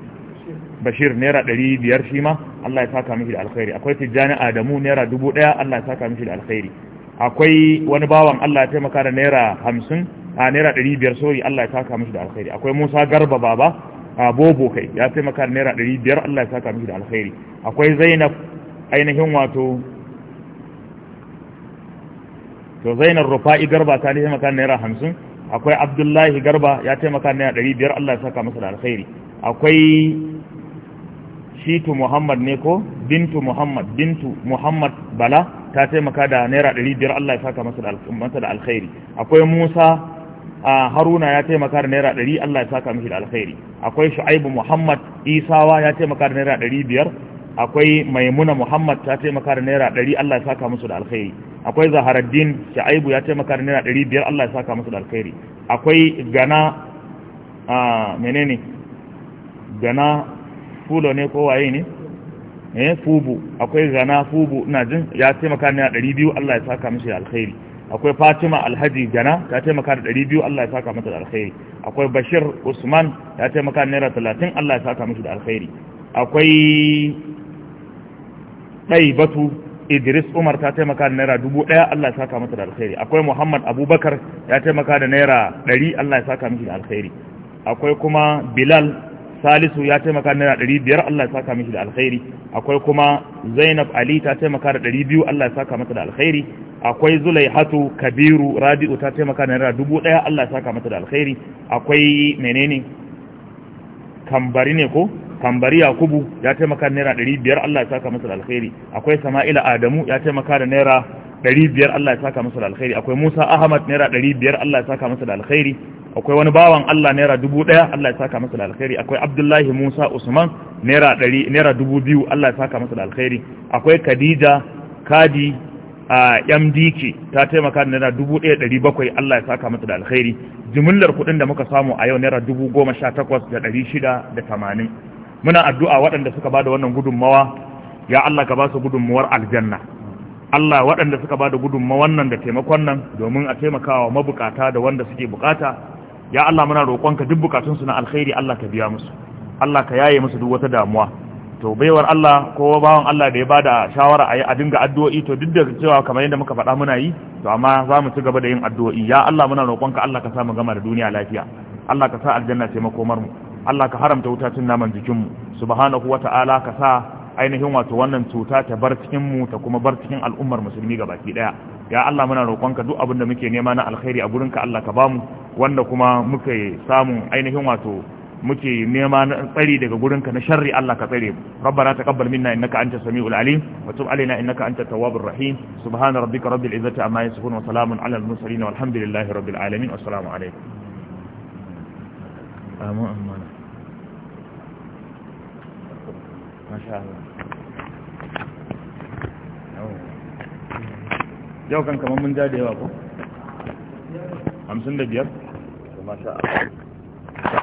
bashir naira 500 shi ma Allah ya saka mishi da alkhairi akwai tijjani adamu naira 1000 Allah ya saka mishi da alkhairi akwai wani bawan Allah ya taimaka da naira 50 a naira 500 sori Allah ya saka mishi da alkhairi akwai musa garba baba a kai ya taimaka naira ɗari biyar Allah ya saka mishi da alkhairi akwai zainab ainihin wato to zainab rufa'i garba ta taimaka naira hamsin akwai abdullahi garba ya taimaka naira ɗari biyar Allah ya saka masa da alkhairi akwai shitu muhammad ne ko bintu muhammad bintu muhammad bala ta taimaka da naira ɗari biyar Allah ya saka masa da alkhairi akwai musa haruna ya taimaka da naira ɗari allah ya saka mishi da alkhairi akwai shu'aibu muhammad isawa ya taimaka da naira ɗari biyar akwai maimuna muhammad ta taimaka da naira ɗari allah ya saka musu da alkhairi akwai zaharaddin Shu'aibu ya taimaka da naira ɗari biyar allah ya saka musu da alkhairi akwai gana a menene gana fulo ne ko waye ne eh fubu akwai gana fubu ina jin ya taimaka da naira ɗari biyu allah ya saka musu da alkhairi akwai fatima alhaji jana ta taimaka da 200 allah ya saka mata da alkhairi akwai bashir usman ya taimaka da naira 30 allah ya saka mata da alkhairi akwai ɗai batu idris umar ta taimaka da naira 1000 allah ya saka mata da alkhairi akwai muhammad abubakar ya taimaka da naira 100 allah ya saka mata da alkhairi akwai kuma bilal salisu ya taimaka naira ɗari biyar Allah ya saka mishi da alkhairi akwai kuma zainab ali ta taimaka da ɗari biyu Allah ya saka mata da alkhairi akwai zulaihatu kabiru rabi'u ta taimaka naira dubu ɗaya Allah ya saka mata da alkhairi akwai menene kambari ne ko kambari yakubu ya taimaka naira ɗari biyar Allah ya saka mata da alkhairi akwai sama'ila adamu ya taimaka da naira ɗari biyar Allah ya saka masa da alkhairi akwai musa ahmad naira ɗari biyar Allah ya saka masa da alkhairi akwai wani bawan Allah naira dubu ɗaya Allah ya saka masa da alkhairi akwai Abdullahi Musa Usman naira ɗari naira dubu biyu Allah ya saka masa da alkhairi akwai Khadija Kadi a MDK ta taimaka da naira dubu ɗaya ɗari bakwai Allah ya saka masa da alkhairi jimillar kuɗin da muka samu a yau naira dubu goma sha takwas da ɗari shida da tamanin muna addu'a waɗanda suka ba da wannan gudunmawa ya Allah ka ba su gudunmawar aljanna Allah waɗanda suka ba da gudunmawa nan da taimakon nan domin a taimakawa mabukata da wanda suke bukata ya Allah muna roƙonka duk bukatunsu na alkhairi Allah ka biya musu Allah ka yaye musu duk wata damuwa to baiwar Allah ko bawan Allah da ya bada shawara a yi a dinga addu'o'i to duk da cewa kamar yadda muka faɗa muna yi to amma za mu ci gaba da yin addu'o'i ya Allah muna roƙonka Allah ka sa mu gama da duniya lafiya Allah ka sa aljanna ce makomar mu Allah ka haramta wuta naman jikin mu subhanahu wata'ala ka sa ainihin wato wannan cuta ta bar cikin mu ta kuma bar cikin al'ummar musulmi gabaki daya ya Allah muna roƙonka duk abin da muke nema na alkhairi a gurinka Allah ka bamu wanda kuma muke samun ainihin wato muke nema na tsari daga gurinka na sharri Allah ka tsare rabbana taqabbal minna innaka antas samiul alim wa tub alaina innaka antat tawwabur rahim subhana rabbika rabbil izzati amma yasifun wa salamun alal mursalin walhamdulillahi rabbil alamin assalamu alaikum amma amma masha Allah yau kan kamar mun ja da yawa ko 55 masha Allah